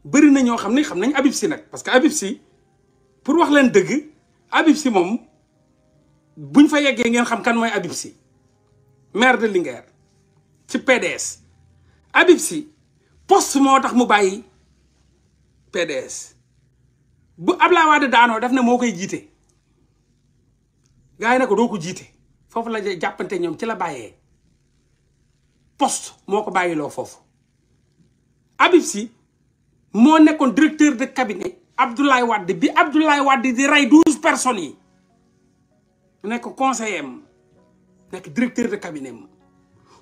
bëri na ñoo xam ne xam nañ Habib Sy nag parce que Habib Sy pour wax leen dëgg Habib Sy moom buñ fa yeggee ngeen xam kan mooy Habib Sy maire de Linguère ci PDS Habib Sy poste moo tax mu bàyyi PDS bu Abdoulaye Wade daanoo daf na moo koy jiite gars yi ne doo ko jiite foofu la jàppante ñoom ci la bàyyee poste moo ko bàyyiloo foofu Habib Sy moo nekkoon directeur de cabinet Abdoulaye Wade bi Abdoulaye Wade di rey douze personnes yi nekk conseiller nekk directeur de cabinet am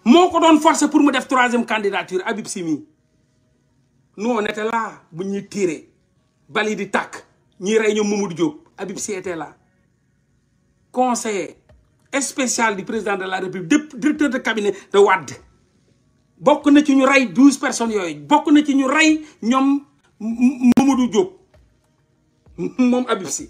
moo ko doon force pour mu def troisième candidature Habib Sy mii nous on était là pour tirer. tiré Bali tac, nous tàkk ñuy rey Diop était là Conseil spécial du président de la République directeur de cabinet de WAD. On na ci ñu personnes yooyu bokk na ci ñu rey Diop Abib Sy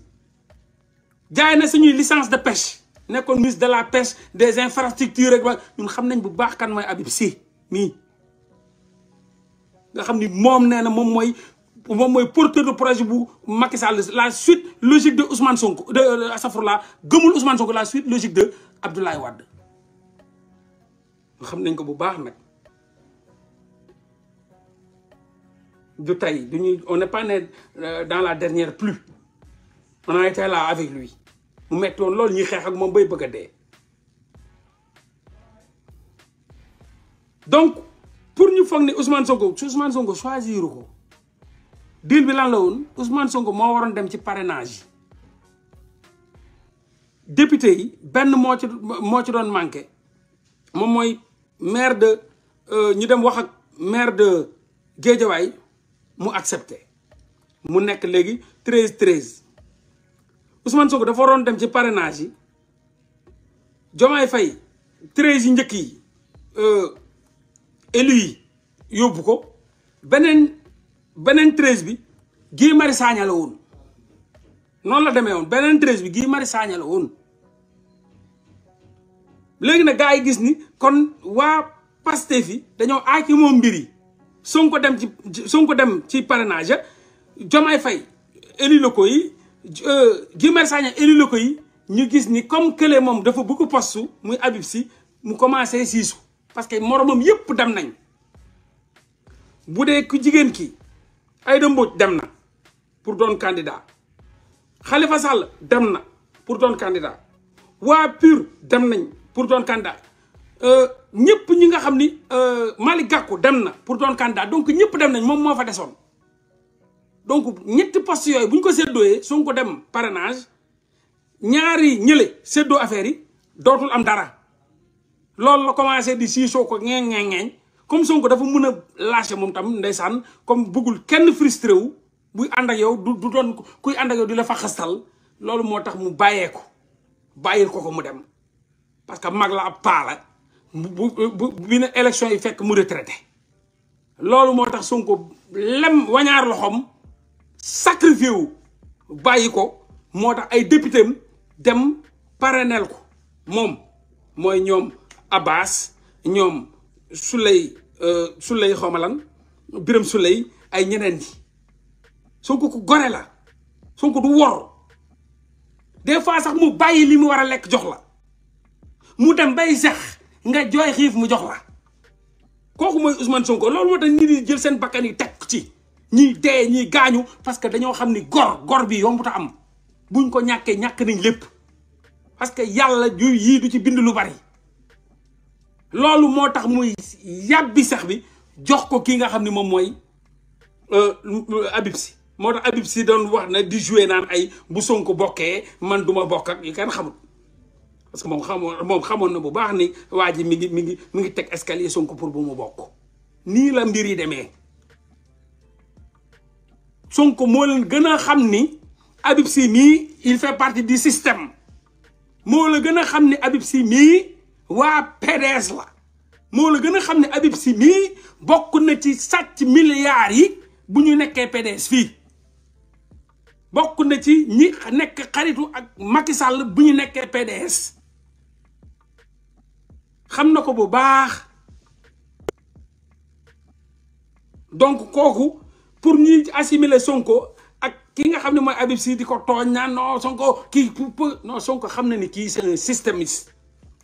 na une licence de pêche une mise de la pêche des infrastructures rek ñun que bu baax kan une nga xam ni moom nee na moom mooy moom mooy porteur de projet bu Macky Sall la suite logique de Ousmane Sonko de euh, Asafurla gëmul Ousmane Sonko la suite logique de Abdoulaye Wade xam nañ ko bu baax nag du tey du on n'est pas euh, dans la dernière pluie on a été là avec lui mu metti woon loolu ñuy xeex ak moom bay bëgg a donc. pour ñu foog ne Ousmane Sonko Ousmane Sonko choisir ko deal bi lan la woon Ousmane Sonko moo waroon dem ci parrainage yi député yi benn moo ci moo ci doon manqué moom mooy maire de euh, ñu dem wax ak maire de Guédiawaye mu accepte mu nekk léegi treize treize Ousmane Sonko dafa waroon dem ci parrainage yi Diomaye fay treize yi njëkk yi. Euh, élu yi yóbbu ko beneen beneen treize bi gii Marius Sagna la woon noonu la demee woon beneen treize bi Guy mari Sagna woon léegi nag gaa yi gis ni kon waa Pastef fi dañoo aay ci moom mbir yi Sonko dem ci Sonko dem ci parrainage Diomaye Faye élus ko yi euh, Guy Marius Sagna élus locaux yi ñu gis ni comme kële moom dafa bëgg post muy Habib Sy mu commencé siisu parce que moromam yépp dem nañ bu dee ku jigéen ki Aïda Mbodj dem na pour doon candidat Khalifa Sall dem na pour doon candidat waa PUR dem nañ pour doon candidat euh, ñëpp ñi nga xam ni euh, mali Gakou dem na pour doon candidat donc ñëpp dem nañ moom moo fa desoon donc ñetti poste yooyu bu ñu ko séddooyee Sonko dem parrainage ñaari ñële séddoo affaire yi dootul am dara loolu la commencé di siisoo ko ngeen ngeen ngeen comme Sonko dafa mën a moom tam ndeysaan comme bëggul kenn frustré wu buy ànd ak yow du du doon kuy ànd yow di la fa loolu moo tax mu bàyyee ko bàyyil ko ko mu dem parce que mag la ab paa la bu bu bi yi fekk mu retraité loolu moo tax Sonko lem wañaar loxoom sacrifié wu bàyyi ko moo tax ay député dem parrainel ko moom mooy ñoom. Abbas ñom sulay euh sulay xomalan Biram sulay ay ñeneen ñi Sonko ko goré la Sonko du wor des fois sax mu bayyi li mu wara lek jox la mu dem bay sax nga joy xif mu jox la koku moy Ousmane Sonko lolou moo ñi di jël sen bakkan yi ci ñi dee ñi gañu parce que dañu xamni gor gor bi yombu ta am buñ ko ñaké ñak nañ lepp parce que yalla yu yi du ci bind lu bari loolu motax muy yabbi sax bi jox ko ki nga xamni mom moy euh Habib motax moo tax wax na di jouer nan ay bu Sonko bokkee man duma ma ak yu kenn xamul parce que mom xamoon mom xamone na bu baax ni waji ji mi ngi mi ngi mi ngi teg escalier Sonko pour bu mu bok ni la mbir yi demee Sonko mo leen gëna xamni xam ni il fait partie du système mo le gëna xamni xam ni wa PDS la moo la gën a xam Habib Sy mii bokk na ci sàcc milliards yi buñu nekké PDS fi bokku na ci ñi nekk xaritu ak Macky Sall bu ñu PDS xam na bu baax donc koku pour ñi assimiler Sonko ak ki nga xamné moy Habib ko tooñ non Sonko ki non Sonko xamné ni ki c'est un systémiste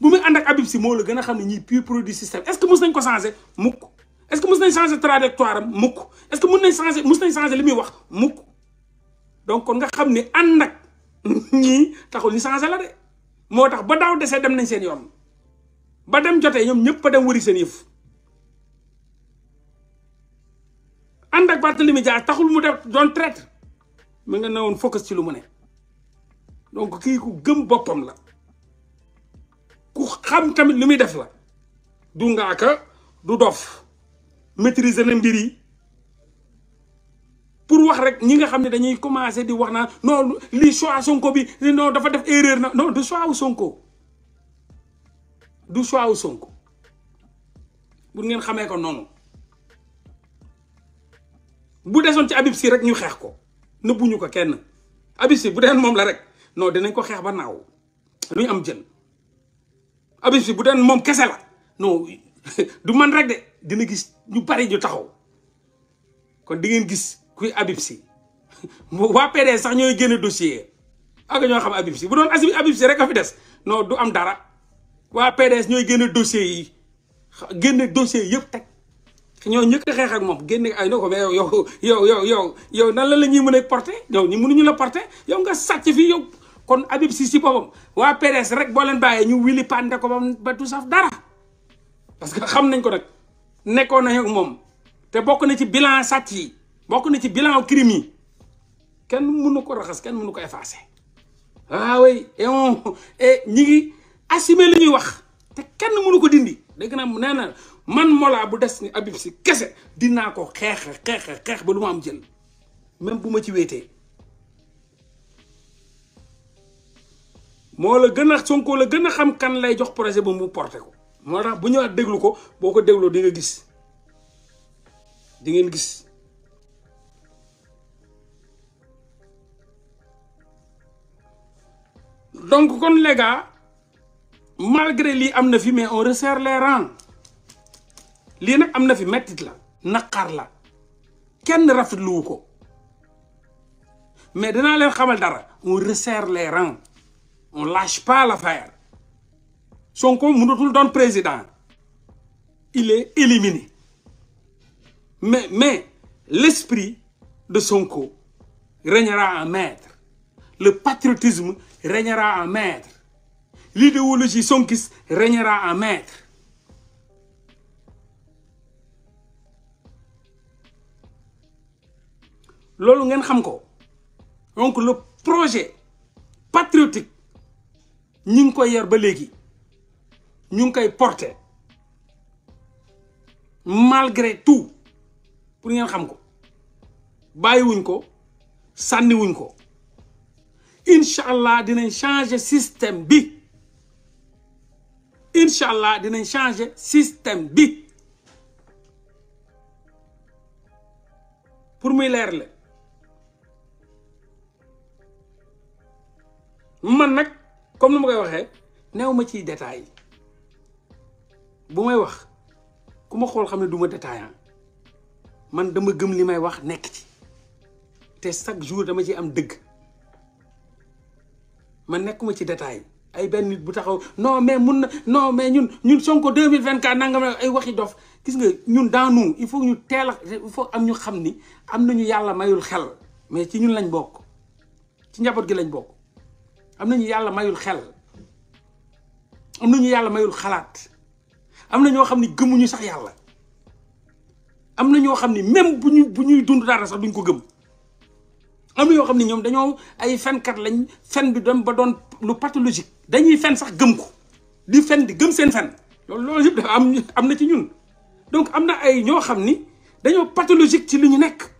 bu muy ànd ak Habib Sy moo la gën a xam ne ñii pur produit système est-ce que mus nañ ko changer mukk est-ce que mus nañ changer trajectoire am mukk est-ce que mun nañ changer mus nañ changer li muy wax mukk donc kon nga xam ne ànd ak ñii taxul ñu changer la de moo tax ba daaw desee dem nañ seen yoon ba dem jotee ñoom ñëpp a dem wëri seen yëf ànd ak Barthélemy Dias taxul mu def doon traître mu nga ne woon focus ci lu mu ne donc kii ku gëm la ku xam tamit li muy def la du ngaaka du dof maîtriser na mbir pour wax rek ñi nga xam ne dañuy commencé di wax naa non li choix Sonko bi non dafa def erreur na non du choix Sonko du choix wu Sonko bu ngeen xamee ko noonu bu desoon ci Habib Sy rek ñu xeex ko nëbbuñu ko kenn Habib Sy bu deen moom la rek non dinañ ko xeex ba naaw lu ñu am jën Habib Sy bu deen moom kese la non du man rek de dina gis ñu bari ñu taxaw kon di ngeen gis kuy Habib Sy waa PDS sax ñooy génne dossier ak ñoo xam Habib Sy bu doon asi Habib Sy rek a fi des non du am dara waa PDS ñooy génne dossier yi génne dossier yëpp teg ñoo ñëkk a ak moom génn ay na ko mais yow yow yow yow yow nan la la ñuy mën a porté yow ñu munuñu la porté yow nga sàcc fii yow kon abib Sisi si boppam wa PDS rek bo len baye ñu wili pande ko ba du saf dara parce que xam nañ ko nak neko na ak mom te bokku na ci bilan sat yi bokku na ci bilan crime yi ken mënu ko raxas ken mënu ko effacer way ah e on e ñi ngi assimé li ñuy wax te ken mënu ko dindi deug na neena man mola bu dess ni abib Sisi. kese dina ko xex xex xex ba lu ma am jël même buma ci wété moo la gën a Sonko la gën a xam kan lay jox projet ba mu porté ko moo tax bu ñëwaat déglu ko boo ko dégloo di nga gis di ngeen gis donc kon les gars malgré lii am na fi mais on resserre les lii nag am na fi mettit la naqar la kenn rafetluwu ko mais danaa leen xamal dara on resserre les rangs on lâche pas l'affaire Sonko nous donne président il est éliminé mais l'esprit de Sonko régnera en maître le patriotisme régnera en maître l'idéologie sonkiste régnera en maître donc le projet patriotique ñu ngi koy yar ba léegi ñu ngi koy porter malgré tout pour ngeen xam ko bàyyiwuñ ko sànniwuñ ko incha allah dinañ changer système bi incha allah dinañ changer système bi pour muy leer la man nag. comme nu ma koy waxee neew ma ciy détail bu may wax ku ma xool xam ne du ma détaillant man dama gëm li may wax nekk ci te chaque jour dama ci am dëgg man nekkuma ci détail ay benn nit bu taxaw no mais mun na non mais ñun ñun Sonko 2024 nangam ay waxi dof gis nga ñun daanu il faut ñu teel a il faut am ñu xam ni am nañu yàlla mayul xel mais ci ñun lañ bokk ci njaboot gi lañ bokk. am nañu yàlla mayul xel am nañu yàlla mayul xalaat am na ñoo xam ni gëmuñu sax yàlla am na ñoo xam ni même bu ñu bu ñuy dund dara sax ñu ko gëm am na ñoo xam ni ñoom dañoo ay fenkat lañ fen bi dem ba doon lu pathologique dañuy fen sax gëm ko di fen di gëm seen fen loolu loolu yëpp dafa am am na ci ñun donc am na ay ñoo xam ni dañoo pathologique ci li ñu nekk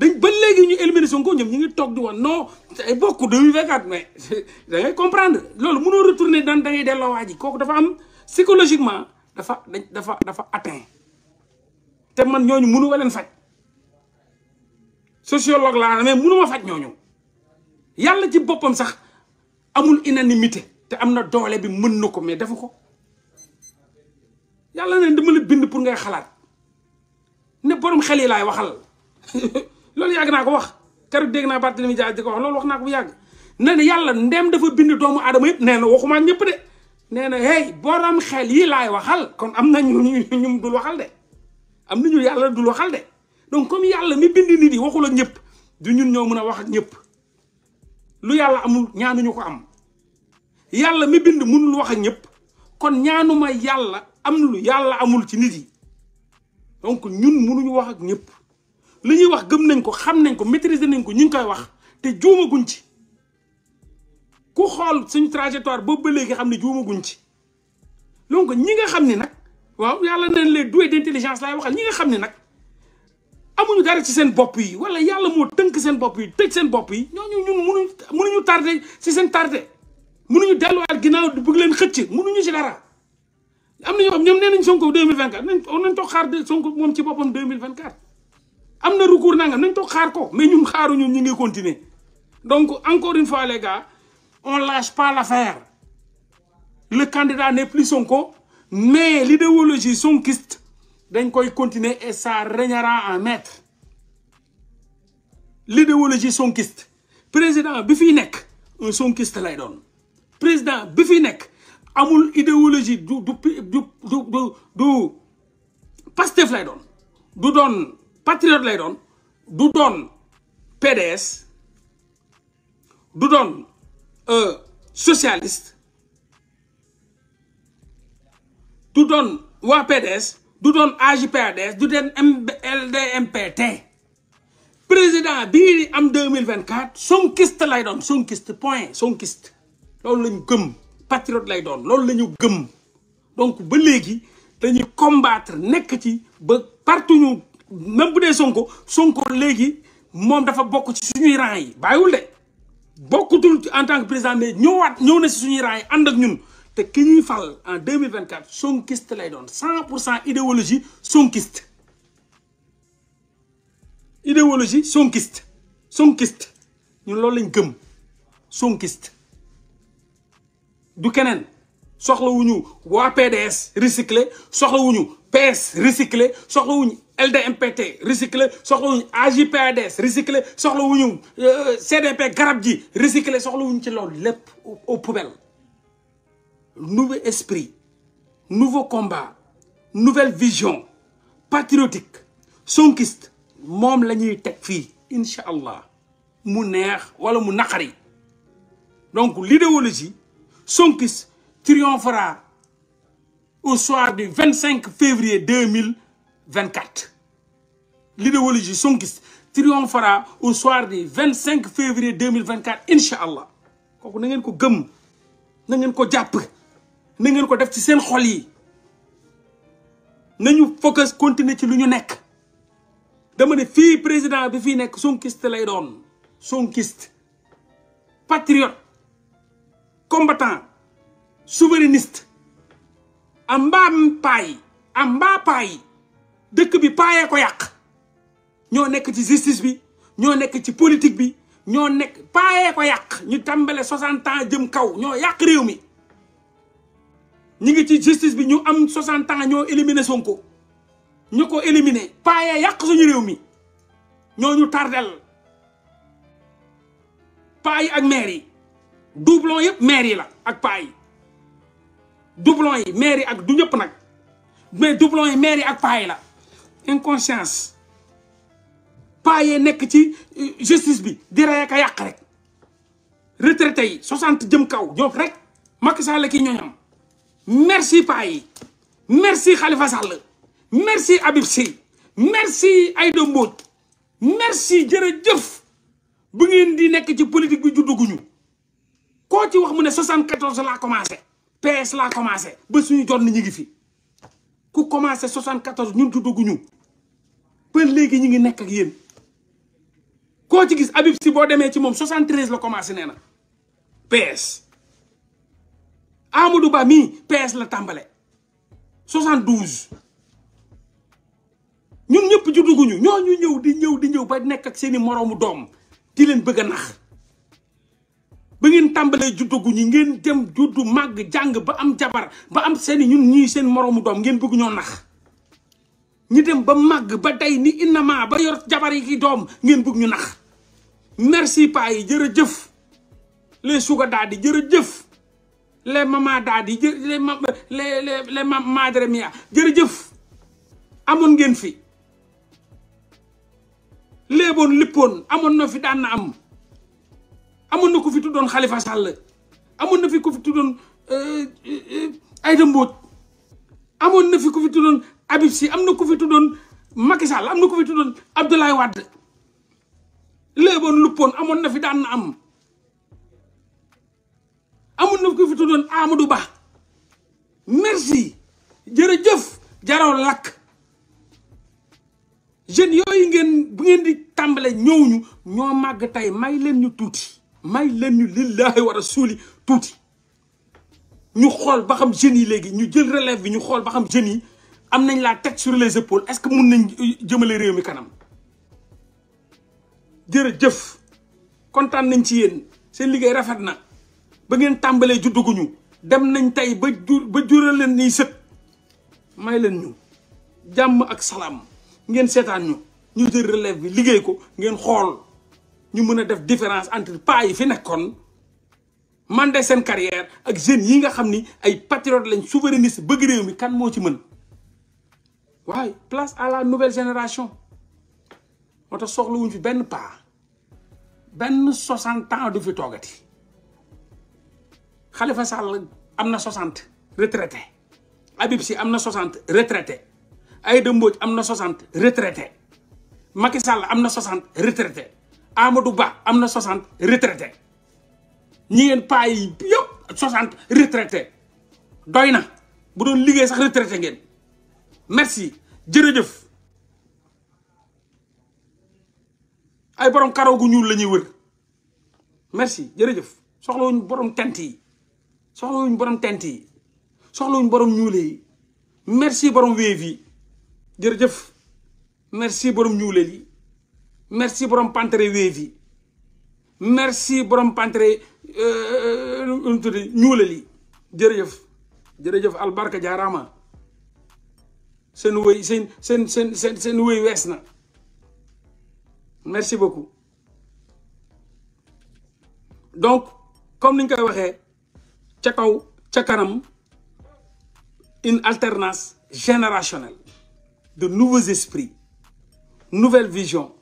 dañ ba légui ñu éliminé Sonko ñom ñi ngi tok di won non ay bokku 2024 mais da ngay comprendre lolu mëno retourner dans da ngay délo waji koku dafa am psychologiquement dafa dafa dafa atteint té man ñoñu mënu walen fajj sociologue la mais mënu ma faj ñooñu yàlla ci bopam sax amul unanimité té amna doolé bi mën ko mais dafa ko yalla né dama la bind pour ngay xalat né borom xel yi laay waxal loolu yàgg naa ko wax keroog dégg naa Barthélemy Dias di ko wax loolu wax naa ko bu yàgg nee na yàlla ndeem dafa bind doomu aadama yëpp nee na waxumaa ñëpp de nee na hey borom xel yi laay waxal kon am na ñu ñu dul waxal de am na ñu yàlla dul waxal donc yàlla mi bind nit yi waxul ak ñëpp du ñun ñoo mën a wax ak ñëpp lu yàlla amul ñaanuñu ko am yàlla mi bind mënul wax ak ñëpp kon ñaanuma yàlla am lu yàlla amul ci nit yi donc ñun mënuñu wax ak ñëpp li ñuy wax gëm nañ ko xam nañ ko maîtriser nañ ko ñu koy wax te juumaguñ ci ku xool suñu trajectoire boobu ba léegi xam ne juumaguñ ci donc ñu nga xam ne nag waaw yàlla nañ leen ñi nga xam ne nag amuñu dara ci seen bopp yi wala yàlla moo tënk seen bopp yi tëj seen bopp yi ñooñu ñun munuñ munuñu tardé si seen tardé munuñu delluwaat ginnaaw leen xëcc munuñu si dara. am na ñoo xam ñoom nee nañ Sonko 2024 nañ toog xaar de moom ci boppam 2024. am na recours nangam nañ toog xaar ko mais ñum xaaru ñum ñi ngi continuer donc encore une fois les gars on lâche pas l'affaire le candidat n'est plus son Sonko mais l'idéologie sonquiste, dañ koy continuer et ça régnera en maître l'idéologie sonkiste président bi fi nek un sonkiste lay président bi fi nek amul idéologie du du du du du pastef lay don du patriote lay don du PDS du euh socialiste du donne wa PDS du doon aj du LDMPT président bi am 2024 sonkiste lay son sonkiste point sonkiste loolu lañu gëm patriote lay don loolu la gëm donc ba légui dañuy combattre nek ci ba partout même bu dee Sonko Sonko léegi moom dafa bokk ci suñuy rang yi bàyyiwul de bokkutul en tant que président mais ñëwaat ñëw na si suñuy rang yi ànd ak ñun te ki ñuy fal en deux mille vingt quatre sonkiste lay doon cent pour cent idéologie sonkiste idéologie sonkiste sonkiste ñun loolu lañ gëm sonkiste du keneen soxlawuñu waa PDS recyclé soxlawuñu. PES recyclé soxlawuñu LDMPT recyclé soxlawuñu AJPADS recyclé soxlawuñu euh, CDP garab recyclé soxlawuñu ci loolu lépp aux poubelles nouveau esprit nouveau combat nouvelle vision patriotique sonkiste mom la ñuy teg fii Inch'Allah, mu neex wala mu donc l'idéologie sonkiste triomphera au soir du 25 février 2024. L'idéologie sonkiste triomphera au soir du 25 février 2024, Inch'Allah. Vous avez dit que vous avez ko def ci seen xol yi nañu focus continuer ci nek. dama président sonkiste sonkiste patriote combattant souverainiste am mbaam paay am mbaa paay dëkk bi paayee ko yàq ñoo nekk ci justice bi ñoo nekk ci politique bi ñoo nekk paayee ko yàq ñu tàmbale 60 ans jëm kaw ñoo yàq réew mi ñi ngi ci justice bi ñu am 60 ans ñoo éliminer Sonko ñu ko élimine paayee yàq suñu réew mi ñoo ñu tardel paa yi ak maire yi doublon yëpp yi la ak paa yi doublon yi maire ak du ñëpp nak mais doublon yi maire ak paye la inconscience paye nek ci euh, justice bi di rey ak a rek retraité yi 60 jëm kaw ñoom rek Macky Sall ki ñooñam merci paye merci Khalifa Sall merci Habib Sy merci Aïda Mbodj merci jërëjëf bu ngeen di nek ci politique bi judduguñu ko ci wax mu ne 74 la commencé. PS la commencé ba suñu jot ni ñi ngi fi ku commencé 74 ñun tuddaguñu ba légui ñi ngi nek ak yeen ko ci gis Habib si bo démé ci mom 73 la commencé néna PS Amadou Ba mii PS la tambalé 72 ñun ñëpp judduguñu ñoo ñu ñëw di ñëw di ñëw ba nek ak seeni moromu dom di leen bëgg nax ba ngeen tàmbalee juddagu ñi ngeen dem juddu mag jang ba am jabar ba am seen ñun ñi seen moroomu doom ngeen bëgg ñoo nax ñi dem ba mag ba day ni inama ba yor jabar yi ki doom ngeen bëgg ñu nax merci pa yi le les suga daadi di jëf les mama daadi les les les mama madre mia jëf amon ngeen fi lebon lippoon amon na fi dan am amoon na ku fi tuddoon Khalifa Sall amoon na fi ku fi tuddoon euh, euh, Aïda Mbodj amoon na fi ku fi tuddoon Habib am na ku fi tuddoon Macky am na ku fi tuddoon Abdoulaye Wade léeboon luppoon amoon na fi daan am amoon na ku fi tuddoon Amadou Ba merci jërëjëf jaraw lakk jeunes yooyu ngeen bu ngeen di tàmbale ñëw ñoo màgg tey may leen ñu tuuti may leen ñu lillahi wa rasuli tuuti ñu xool ba xam jeunes yi léegi ñu jël relève bi ñu xool ba xam jeunes yi am nañ laa teg sur les épaules est-ce que mun nañ euh, jëmale réew mi kanam jërëjëf kontaan nañ ci yéen seen liggéey rafet na ba ngeen tàmbalee judduguñu dem nañ tey ba jur ba jural leen nii sët may leen ñu jàmm ak salaam ngeen seetaan ñu ñu jël relève bi liggéey ko ngeen xool ñu mën a def différence entre pas yi fi nekkoon man de seen carrière ak jeunes yi nga xam ni ay patriotes lañ souverainiste bëgg réew mi kan moo ci mën waaye place à la nouvelle génération moo tax soxlawuñ fi benn pas benn soixante ans du fi toogati Khalifa Sall am na soixante retraité Habib Sy am na soixante retraité Aïda Mbodj am na soixante retraité Macky Sall am na soixante retraité Amadou Ba am na 60 retraité ñi ngeen paa yi yëpp 60 retraité doy na bu doon liggéey sax retraité ngeen merci jërëjëf ay borom karaw gu ñuul la ñuy wër merci jërëjëf soxlawuñ borom tent yi soxlawuñ borom tent yi soxlawuñ borom ñuule yi merci borom wéef yi jërëjëf merci borom ñuuleel yi merci borom pantere wéef merci borom pantere euh, euh, nu mu tudd ñuulal jërëjëf jërëjëf albarka jaaraama c'est wéy c'est seen seen seen merci beaucoup donc comme nous ñu koy waxee une alternance générationnelle de nouveaux esprits nouvelles visions.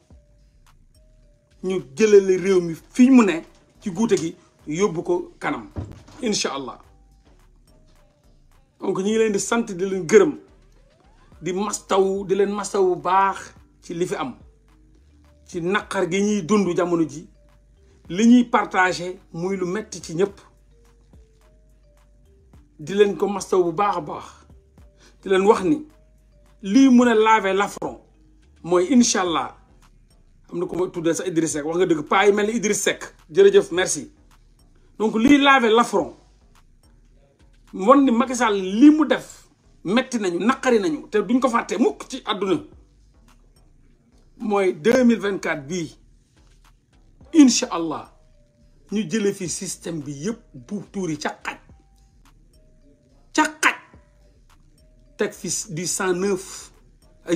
ñu jëlale réew mi fi mu ne ci guute gi yóbbu ko kanam incha allah donc ñu ngi leen di sant di leen gërëm di mastaw di leen mastaw bu baax ci li fi am ci naqar gi ñuy dund jamono ji li ñuy partagé muy lu metti ci ñëpp di leen ko mastaw bu baax a baax di leen wax ni lii mun a laver l'affront mooy incha allah am ko pas si tu Idriss Seck wax nga dëgg mel ni Idriss Seck jërëjëf merci donc li laver l'affront won ni Macky Sall def metti nañu nakari nañu té duñ ko faté mukk ci aduna moy 2024 bi inshallah ñu fi système bi yépp bu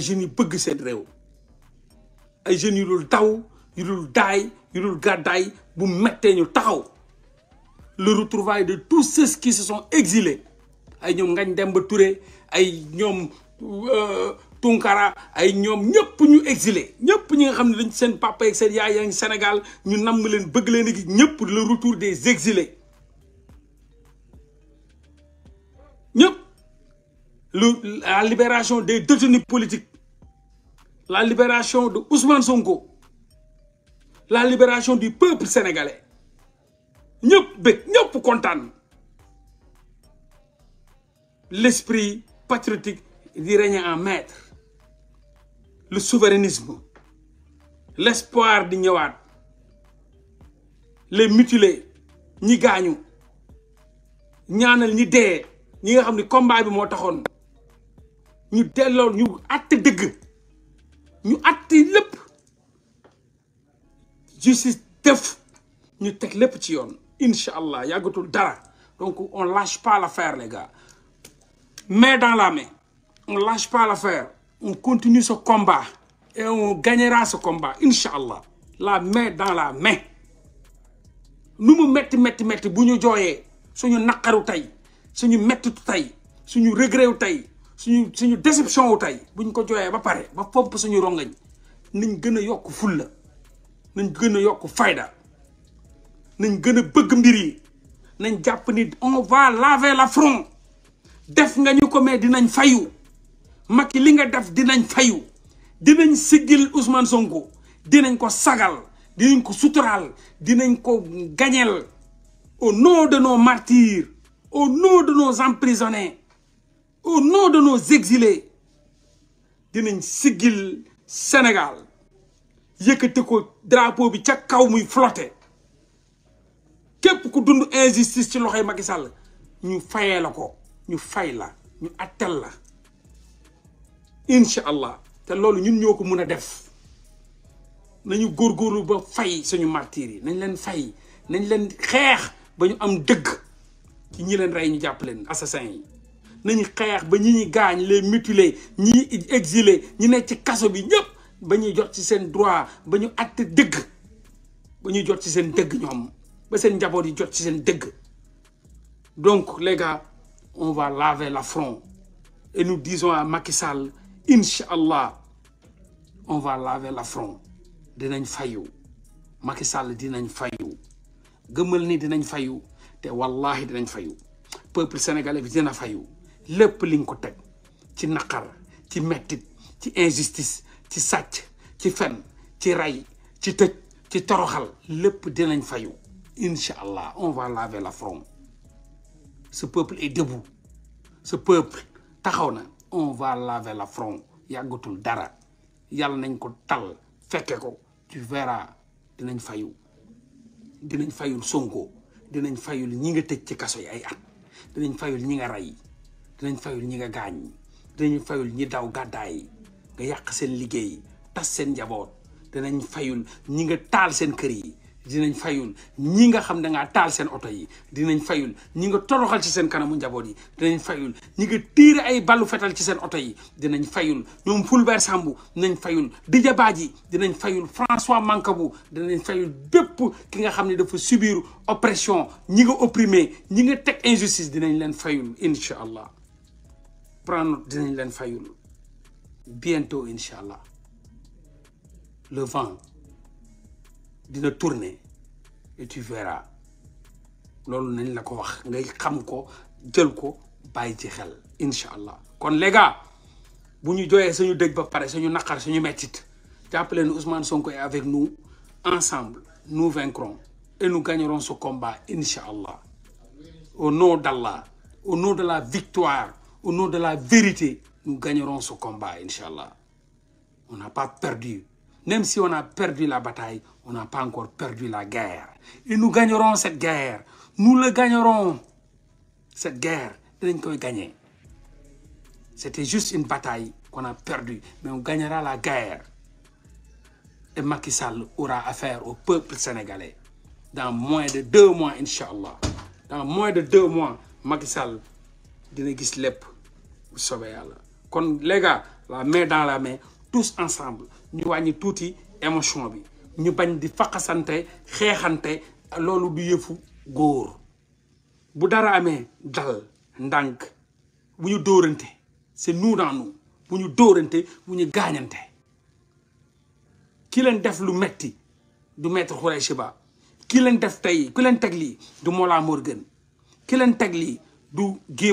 xaj du ay bëgg ay jeunes yu dul taw yu dul yu bu ñu taxaw le retrouvailles de tous ceux qui se sont exilés ay ñoom Ngagne ba Touré ay euh, Tonkara, Tunkara ay ñom ñëpp ñu exilé ñëpp ñi nga xamni seen papa ak yaay Sénégal ñu namm leen bëgg leen le retour des exilés ñëpp la libération des détenus politiques la libération de Ousmane Sonko la libération du peuple sénégalais nous sommes contents. l'esprit patriotique di régné en maître le souverainisme l'espoir de ñëwaat les mutilés ñi gagnants. ñaanal ñi dé ñi nga xam combat bi nous ñu nous justice nous avons Inch'Allah, il y a dara. Donc on ne lâche pas l'affaire, les gars. Mets dans la main, on ne lâche pas l'affaire. On continue ce combat et on gagnera ce combat, Inch'Allah. La main dans la main. Nous nous mettons, mettons, mettons, si nous sommes joyeux, si nous sommes nakaroutaï, si nous mettons nous taï, si nous regrettons taï. suñu suñu déception wu tey buñ ko jooyee ba pare ba pomp suñu rongañ nañ gën a yokk fulla nañ gën a yokk fayda nañ gën a bëgg mbir yi nañ jàpp nit on va laver la front def nga ñu ko mais dinañ fayu Macky li nga def dinañ fayu dinañ siggil Ousmane Sonko dinañ ko sagal dinañ ko suturaal dinañ ko gañeel au nom de nos martyrs au nom de nos emprisonnés au nom de nos exilés dinañ siggil Sénégal yëkkate ko drapeau bi ca kaw muy flotté képp ku dund injustice ci loxoy Macky Sall ñu fayee la ko ñu fay la ñu attel la incha allah te loolu ñun ñoo ko mun a def nañu góor góorgóorlu ba fay suñu martir yi nañ leen fay nañ leen xeex ba ñu am dëgg ci ñii leen rey ñu jàpp leen assassin yi Nous avons ba ñi les mutiler ñi exiler les ci bi ba droit ba ñu faire ba donc les gars on va laver l'affront et nous disons à Macky Sall on va laver l'affront dinañ fayou. Macky Sall dinañ Fayou. ni dinañ wallahi dinañ fayou. peuple sénégalais fayou lepp liñ ko teg ci nakar ci metti ci injustice ci sàcc ci fen ci ray ci tej ci toroxal lepp dinañ fayu inshallah on va laver la front ce peuple est debout ce peuple taxaw na on va laver la front yagoutul dara yàlla nañ ko tal fekke ko tu verras dinañ fayu dinañ fayul Sonko dinañ fayul ñi nga tëj ci kasso yi ay at dinañ fayul ñi nga dinañ fayul ñi nga gaañ dinañ fayul ñi daw gàddaay nga yàq seen liggéey tas seen njaboot dinañ fayul ñi nga taal seen kër yi dinañ fayul ñi nga xam da taal seen oto yi dinañ fayul ñi nga toroxal ci seen kanamu njaboot yi dinañ fayul ñi nga tiire ay ballu fetal ci seen oto yi dinañ fayul ñoom Fulbert Sambou dinañ fayul Dija Badji dinañ fayul François Mancabou dinañ fayul bépp ki nga xam ne dafa subir oppression ñi nga opprimé ñi nga teg injustice dinañ leen fayul incha allah prendre dinañ len fayul bientôt inshallah le vent dina tourner et tu verras lolou nañ la ko wax ngay xam ko djel ko bay ci xel inshallah kon les gars buñu ñu suñu deug ba paré suñu nakar suñu mettit Ousmane Sonko est avec nous ensemble nous vaincrons et nous gagnerons ce combat inshallah au nom d'Allah au nom de la victoire au nom de la vérité, nous gagnerons ce combat, Inch'Allah. On n'a pas perdu. Même si on a perdu la bataille, on n'a pas encore perdu la guerre. Et nous gagnerons cette guerre. Nous le gagnerons. Cette guerre, nous l'avons gagner. C'était juste une bataille qu'on a perdue, mais on gagnera la guerre. Et Macky Sall aura affaire au peuple sénégalais. Dans moins de deux mois, Inch'Allah. Dans moins de deux mois, Macky Sall, bu les gars la main dans la main tous ensemble ñu tout Nous émotion bi ñu bañ di des santé, loolu du yëfu góor bu dara Amé, dal ndank. bu ñu c'est nous dans nous bu nous dóorante bu ñu gaañante ki leen def lu metti du maître Khoureychi ki def nous du Mola du Guy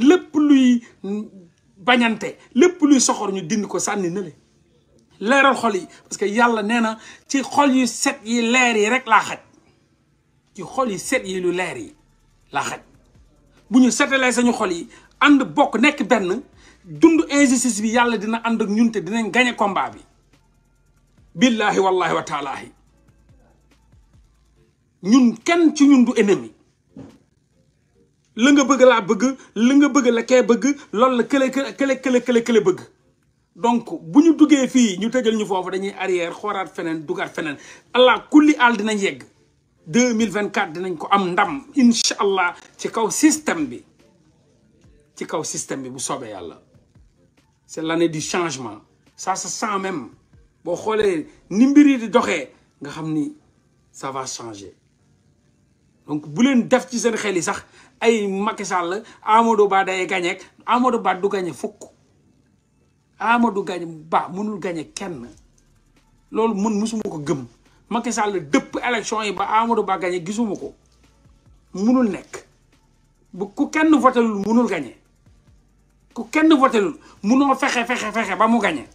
lépp luy bañante lépp luy soxor ñu dindi ko sànni na le leeral xol yi parce que yàlla nee na ci xol yi set yi leer yi rek laa xaj ci xol yi set yi lu leer yi laa xaj bu ñu setalee sañu xol yi ànd bokk nekk benn dund injustice bi yàlla dina ànd ak ñun te dinañ gañe kombaa bi billaahi wallaahi wa taalaahi ñun kenn ci ñun du ennemi la nga bëgg la bëgg la nga bëgg la kee bëgg loolu la kële kële kële kële bëgg donc buñu duggé fi ñu tégal ñu fofu dañuy arrière xoraat fenen dugaat fenen allah kulli al dinañ yegg 2024 dinañ ko am ndam inshallah ci kaw système bi ci kaw système bi bu soobee yalla c'est l'année du changement ça se sent même bo xolé ni mbir yi di doxé nga xamni ça va changer donc bu len def ci seen xel yi sax ay Macky Sall Amadou Ba day gagné Amadou du gagné fukk Amadou gagné Ba mënul gagné kenn loolu mun musuma ko gëm Macky Sall dëpp élection yi ba Amadou Ba gagné gisuma ko munul nekk bu ku kenn votelul munul gagné ku kenn votelul munoo fexe fexe fexe ba mu gagné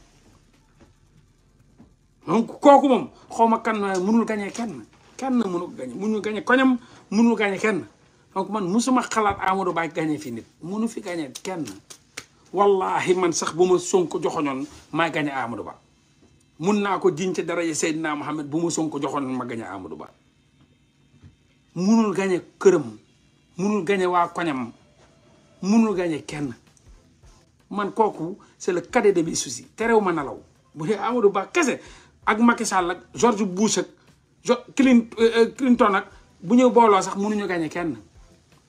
donc kooku moom xaw ma kan munul gagné kenn kenn mënu ko gagné munul gagné koñam munul gagné kenn. donc man musuma xalaat Amadou Ba gagné fi nit munu fi gagné kenn wallahi man sax bu ma sunk joxoñoon maa gagné Amadou Ba mun naa ko jiñ ci dara yi Seydina Mohamed bu ma Sonko joxoñoon ma gagné Amadou Ba munul gagné këram munul gañe waa koñam munul gagné kenn man kooku c'est le cadet de mes soucis terew ma nalaw bu dee Amadou Ba kese ak Macky Sall ak George Bush ak euh, euh, Clinton ak bu ñëw booloo sax munuñu gañe kenn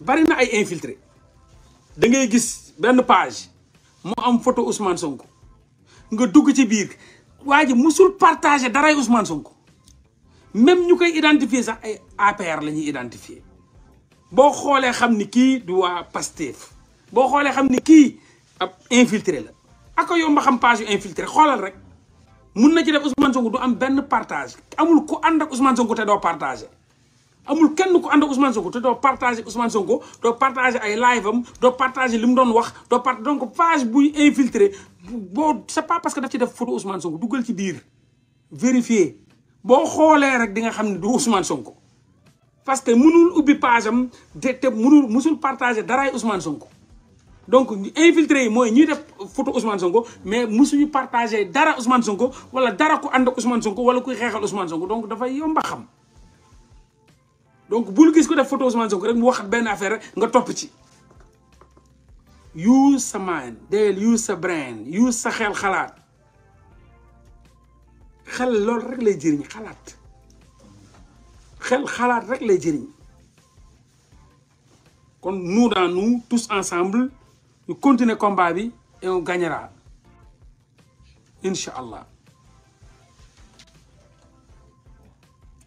bari na ay infiltré da ngay gis benn page mu am photo Ousmane Sonko nga dugg ci biir waa ji musul partagé daray Ousmane Sonko même ñu koy identifier sax ay APR la ñuy identifier boo xoolee xam ni kii du waa Pastef boo xoolee xam ni kii ab infiltré la ak yomb a xam page yu infiltré xoolal rek mun na ci def Ousmane du am benn partage amul ku ànd ak Ousmane Sonko te doo partagé. amul kenn ku ànd ak Ousmane Sonko te doo partagé Ousmane Sonko doo partagé ay live am doo partagé li mu doon wax doo part donc page buy infiltré boo c'est pas parce que daf ci def photo Ousmane Sonko duggal ci biir vérifier boo xoolee rek di nga xam ne du Ousmane Sonko. parce que mënul ubbi page am te te mënul mësul partagé daraay Ousmane donc infiltré yi mooy ñuy def photo Ousmane Sonko mais musuñu partagé dara Ousmane Sonko wala dara ku ànd ak Ousmane Sonko wala kuy xeexal Ousmane Sonko donc dafay yomba xam. donc bul gis ko def photo Ousmane Sonko rek mu waxat affaire nga ci use sa use sa brain use sa xel xalaat xel loolu rek lay jëriñ xalaat xel xalaat rek lay kon nous dans nous tous ensemble nous continuer combat bi et on gagnera incha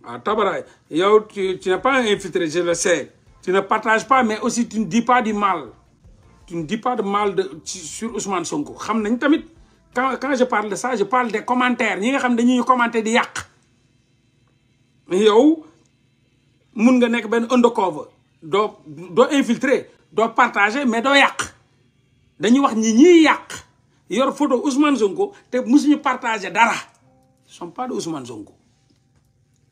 Ah, tu, n'es pas infiltré, je le sais. Tu ne partages pas, mais aussi tu ne dis pas du mal. Tu ne dis pas de mal sur Ousmane Sonko. Quand, quand je parle de ça, je parle des commentaires. Nous savons que commenter des yak. Mais yo, mun nga nek ben undercover do do infiltrer do partager mais do yak dañuy wax ni ñi yak yor photo Ousmane Sonko te musuñu partager dara sont pas de Ousmane Sonko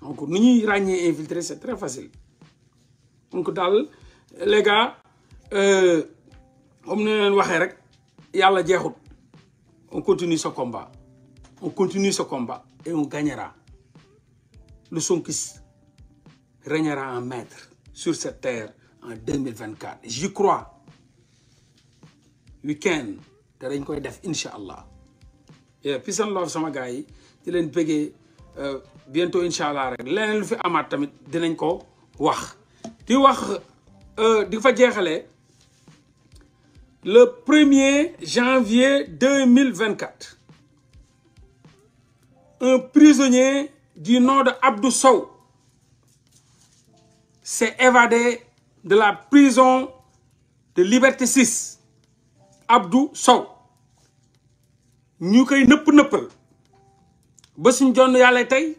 donc pas ñuy infiltrés, infiltrer c'est très facile donc les gars euh, comme on on continue ce combat on continue ce combat et on gagnera le qui régnera en maître sur cette terre en 2024 j'y crois weekend week dañ koy def incha Inch'Allah. Puis, and love sama gars yi di bientôt Inch'Allah, Le rek leneen fi tamit ko wax wax euh, di janvier 2024. un prisonnier du nom de Abdou Sow s'est évadé de la prison de Liberté 6 Abdou Sow ñu koy nëpp nëppal ba suñ jonne yalla tay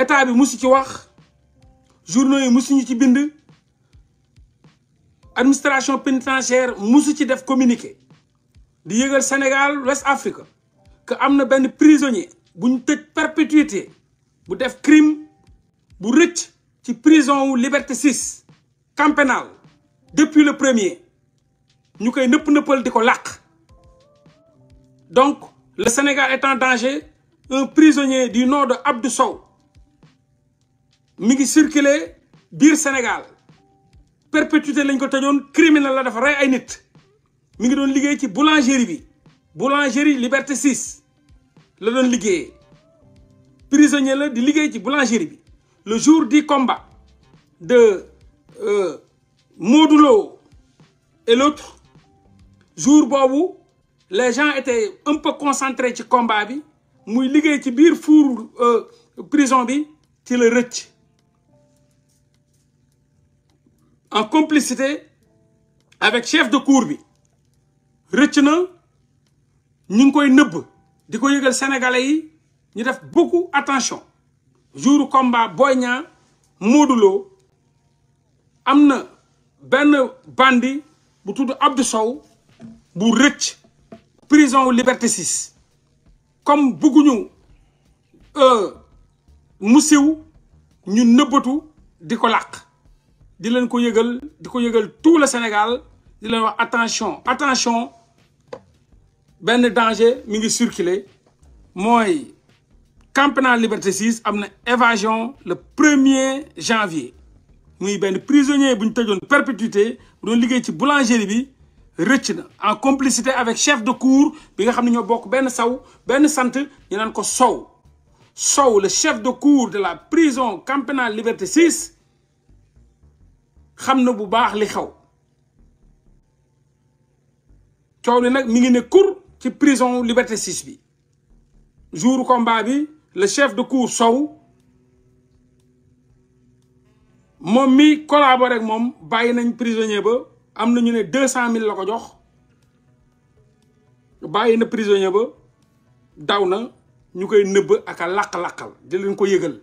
état bi musu ci wax journaux yi ñu ci bind administration pénitentiaire musu ci def communiqué di Sénégal West Afrique que y des prisonniers, prisonnier pour tej perpétuité bu def crime bu recc ci prison ou Liberté 6 Camp pénal depuis le premier ñu koy ne pouvons pas ko donc le Sénégal est en danger un prisonnier du nord de Abdou mingi ngi circuler biir Sénégal perpétuité lañ ko tañon criminel la dafa ray ay nit mingi don doon liggéey ci boulangerie bi boulangerie Liberté 6 la don liggéeyee prisonnier la di liggéey ci boulangerie bi le jour du combat de euh, et l'autre jour où les gens étaient un peu concentrés ci combat bi muy liggéey ci biir four euh, prison bi ci le en complicité avec chef de cour bi rëcc na ñu koy neub diko yëgal sénégalais yi ñu def beaucoup attention jour combat Boy modulo amna Ben bandi bu tuddu Abdou Sow bu rëcc prison Liberté 6 comme bëgguñu euh siw ñu neubatu diko ko di ko yeugal diko yeugal tout le Sénégal di wax attention attention ben danger mi ngi circuler moy camp pénal Liberté 6 amna évasion le 1er janvier muy un prisonnier qui a perpétuité do liggé été ci boulangerie bi recc na en complicité avec chef de cour bi nga xamni ne ñoo bokk benn saw ben sante ñu ko saw saw le chef de cour de la prison camp Liberté 6 xamna bu baax li xaw coow nak mi ngi ne cour ci prison liberté 6 bi jour combat bi le chef de cour saw mom mi collaboré ak mom bàyyi nañ prisonnier ba amna ñu ne deux cent mille jox bàyyi na prisonnier ba dawna na ñu koy nëbb ak lak lakal di leen ko yëgal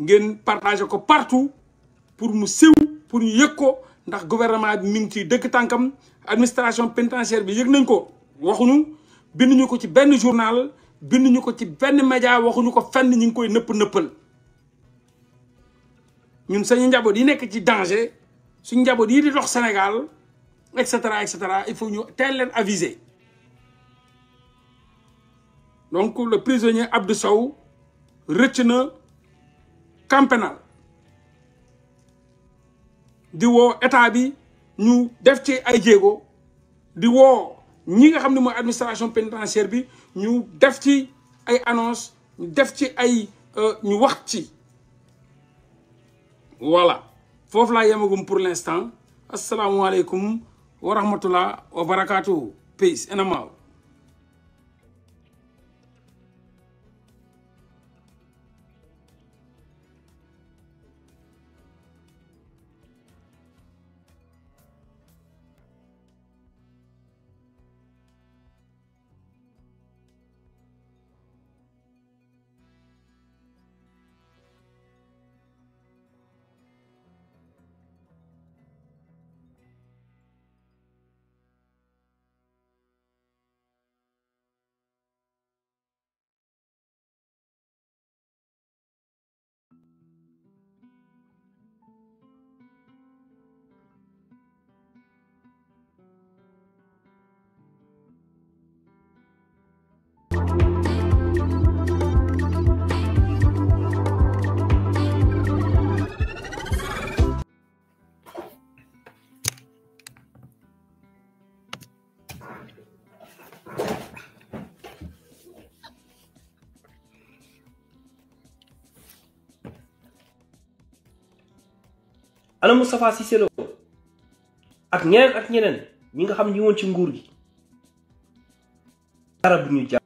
ngeen partager ko partout pour mu siw pour ñu yeko ndax gouvernement a mi ngi administration pénitentiaire bi yëg nañ ko bind ñu ko journal ñu ko ci média nous ko fenn koy ñun danger suñu nous di di dox Sénégal etc., etc., il faut ñu nous aviser donc le prisonnier Abdou saw di woo état bi ñu def ci ay jéego di woo ñi nga xam ne mooy administration pénitentiaire bi ñu def ci ay annonce ñu def ci ay euh, ñu wax ci voilà foofu laa yemagum pour l'instant asalaamualeykum wa rahmatullah wa barakaatu peace enamaw ana Moustapha Cissé Lo ak ñeneen ak ñeneen ñi nga xam ñi woon ci nguur gi dara bu ñu jàpp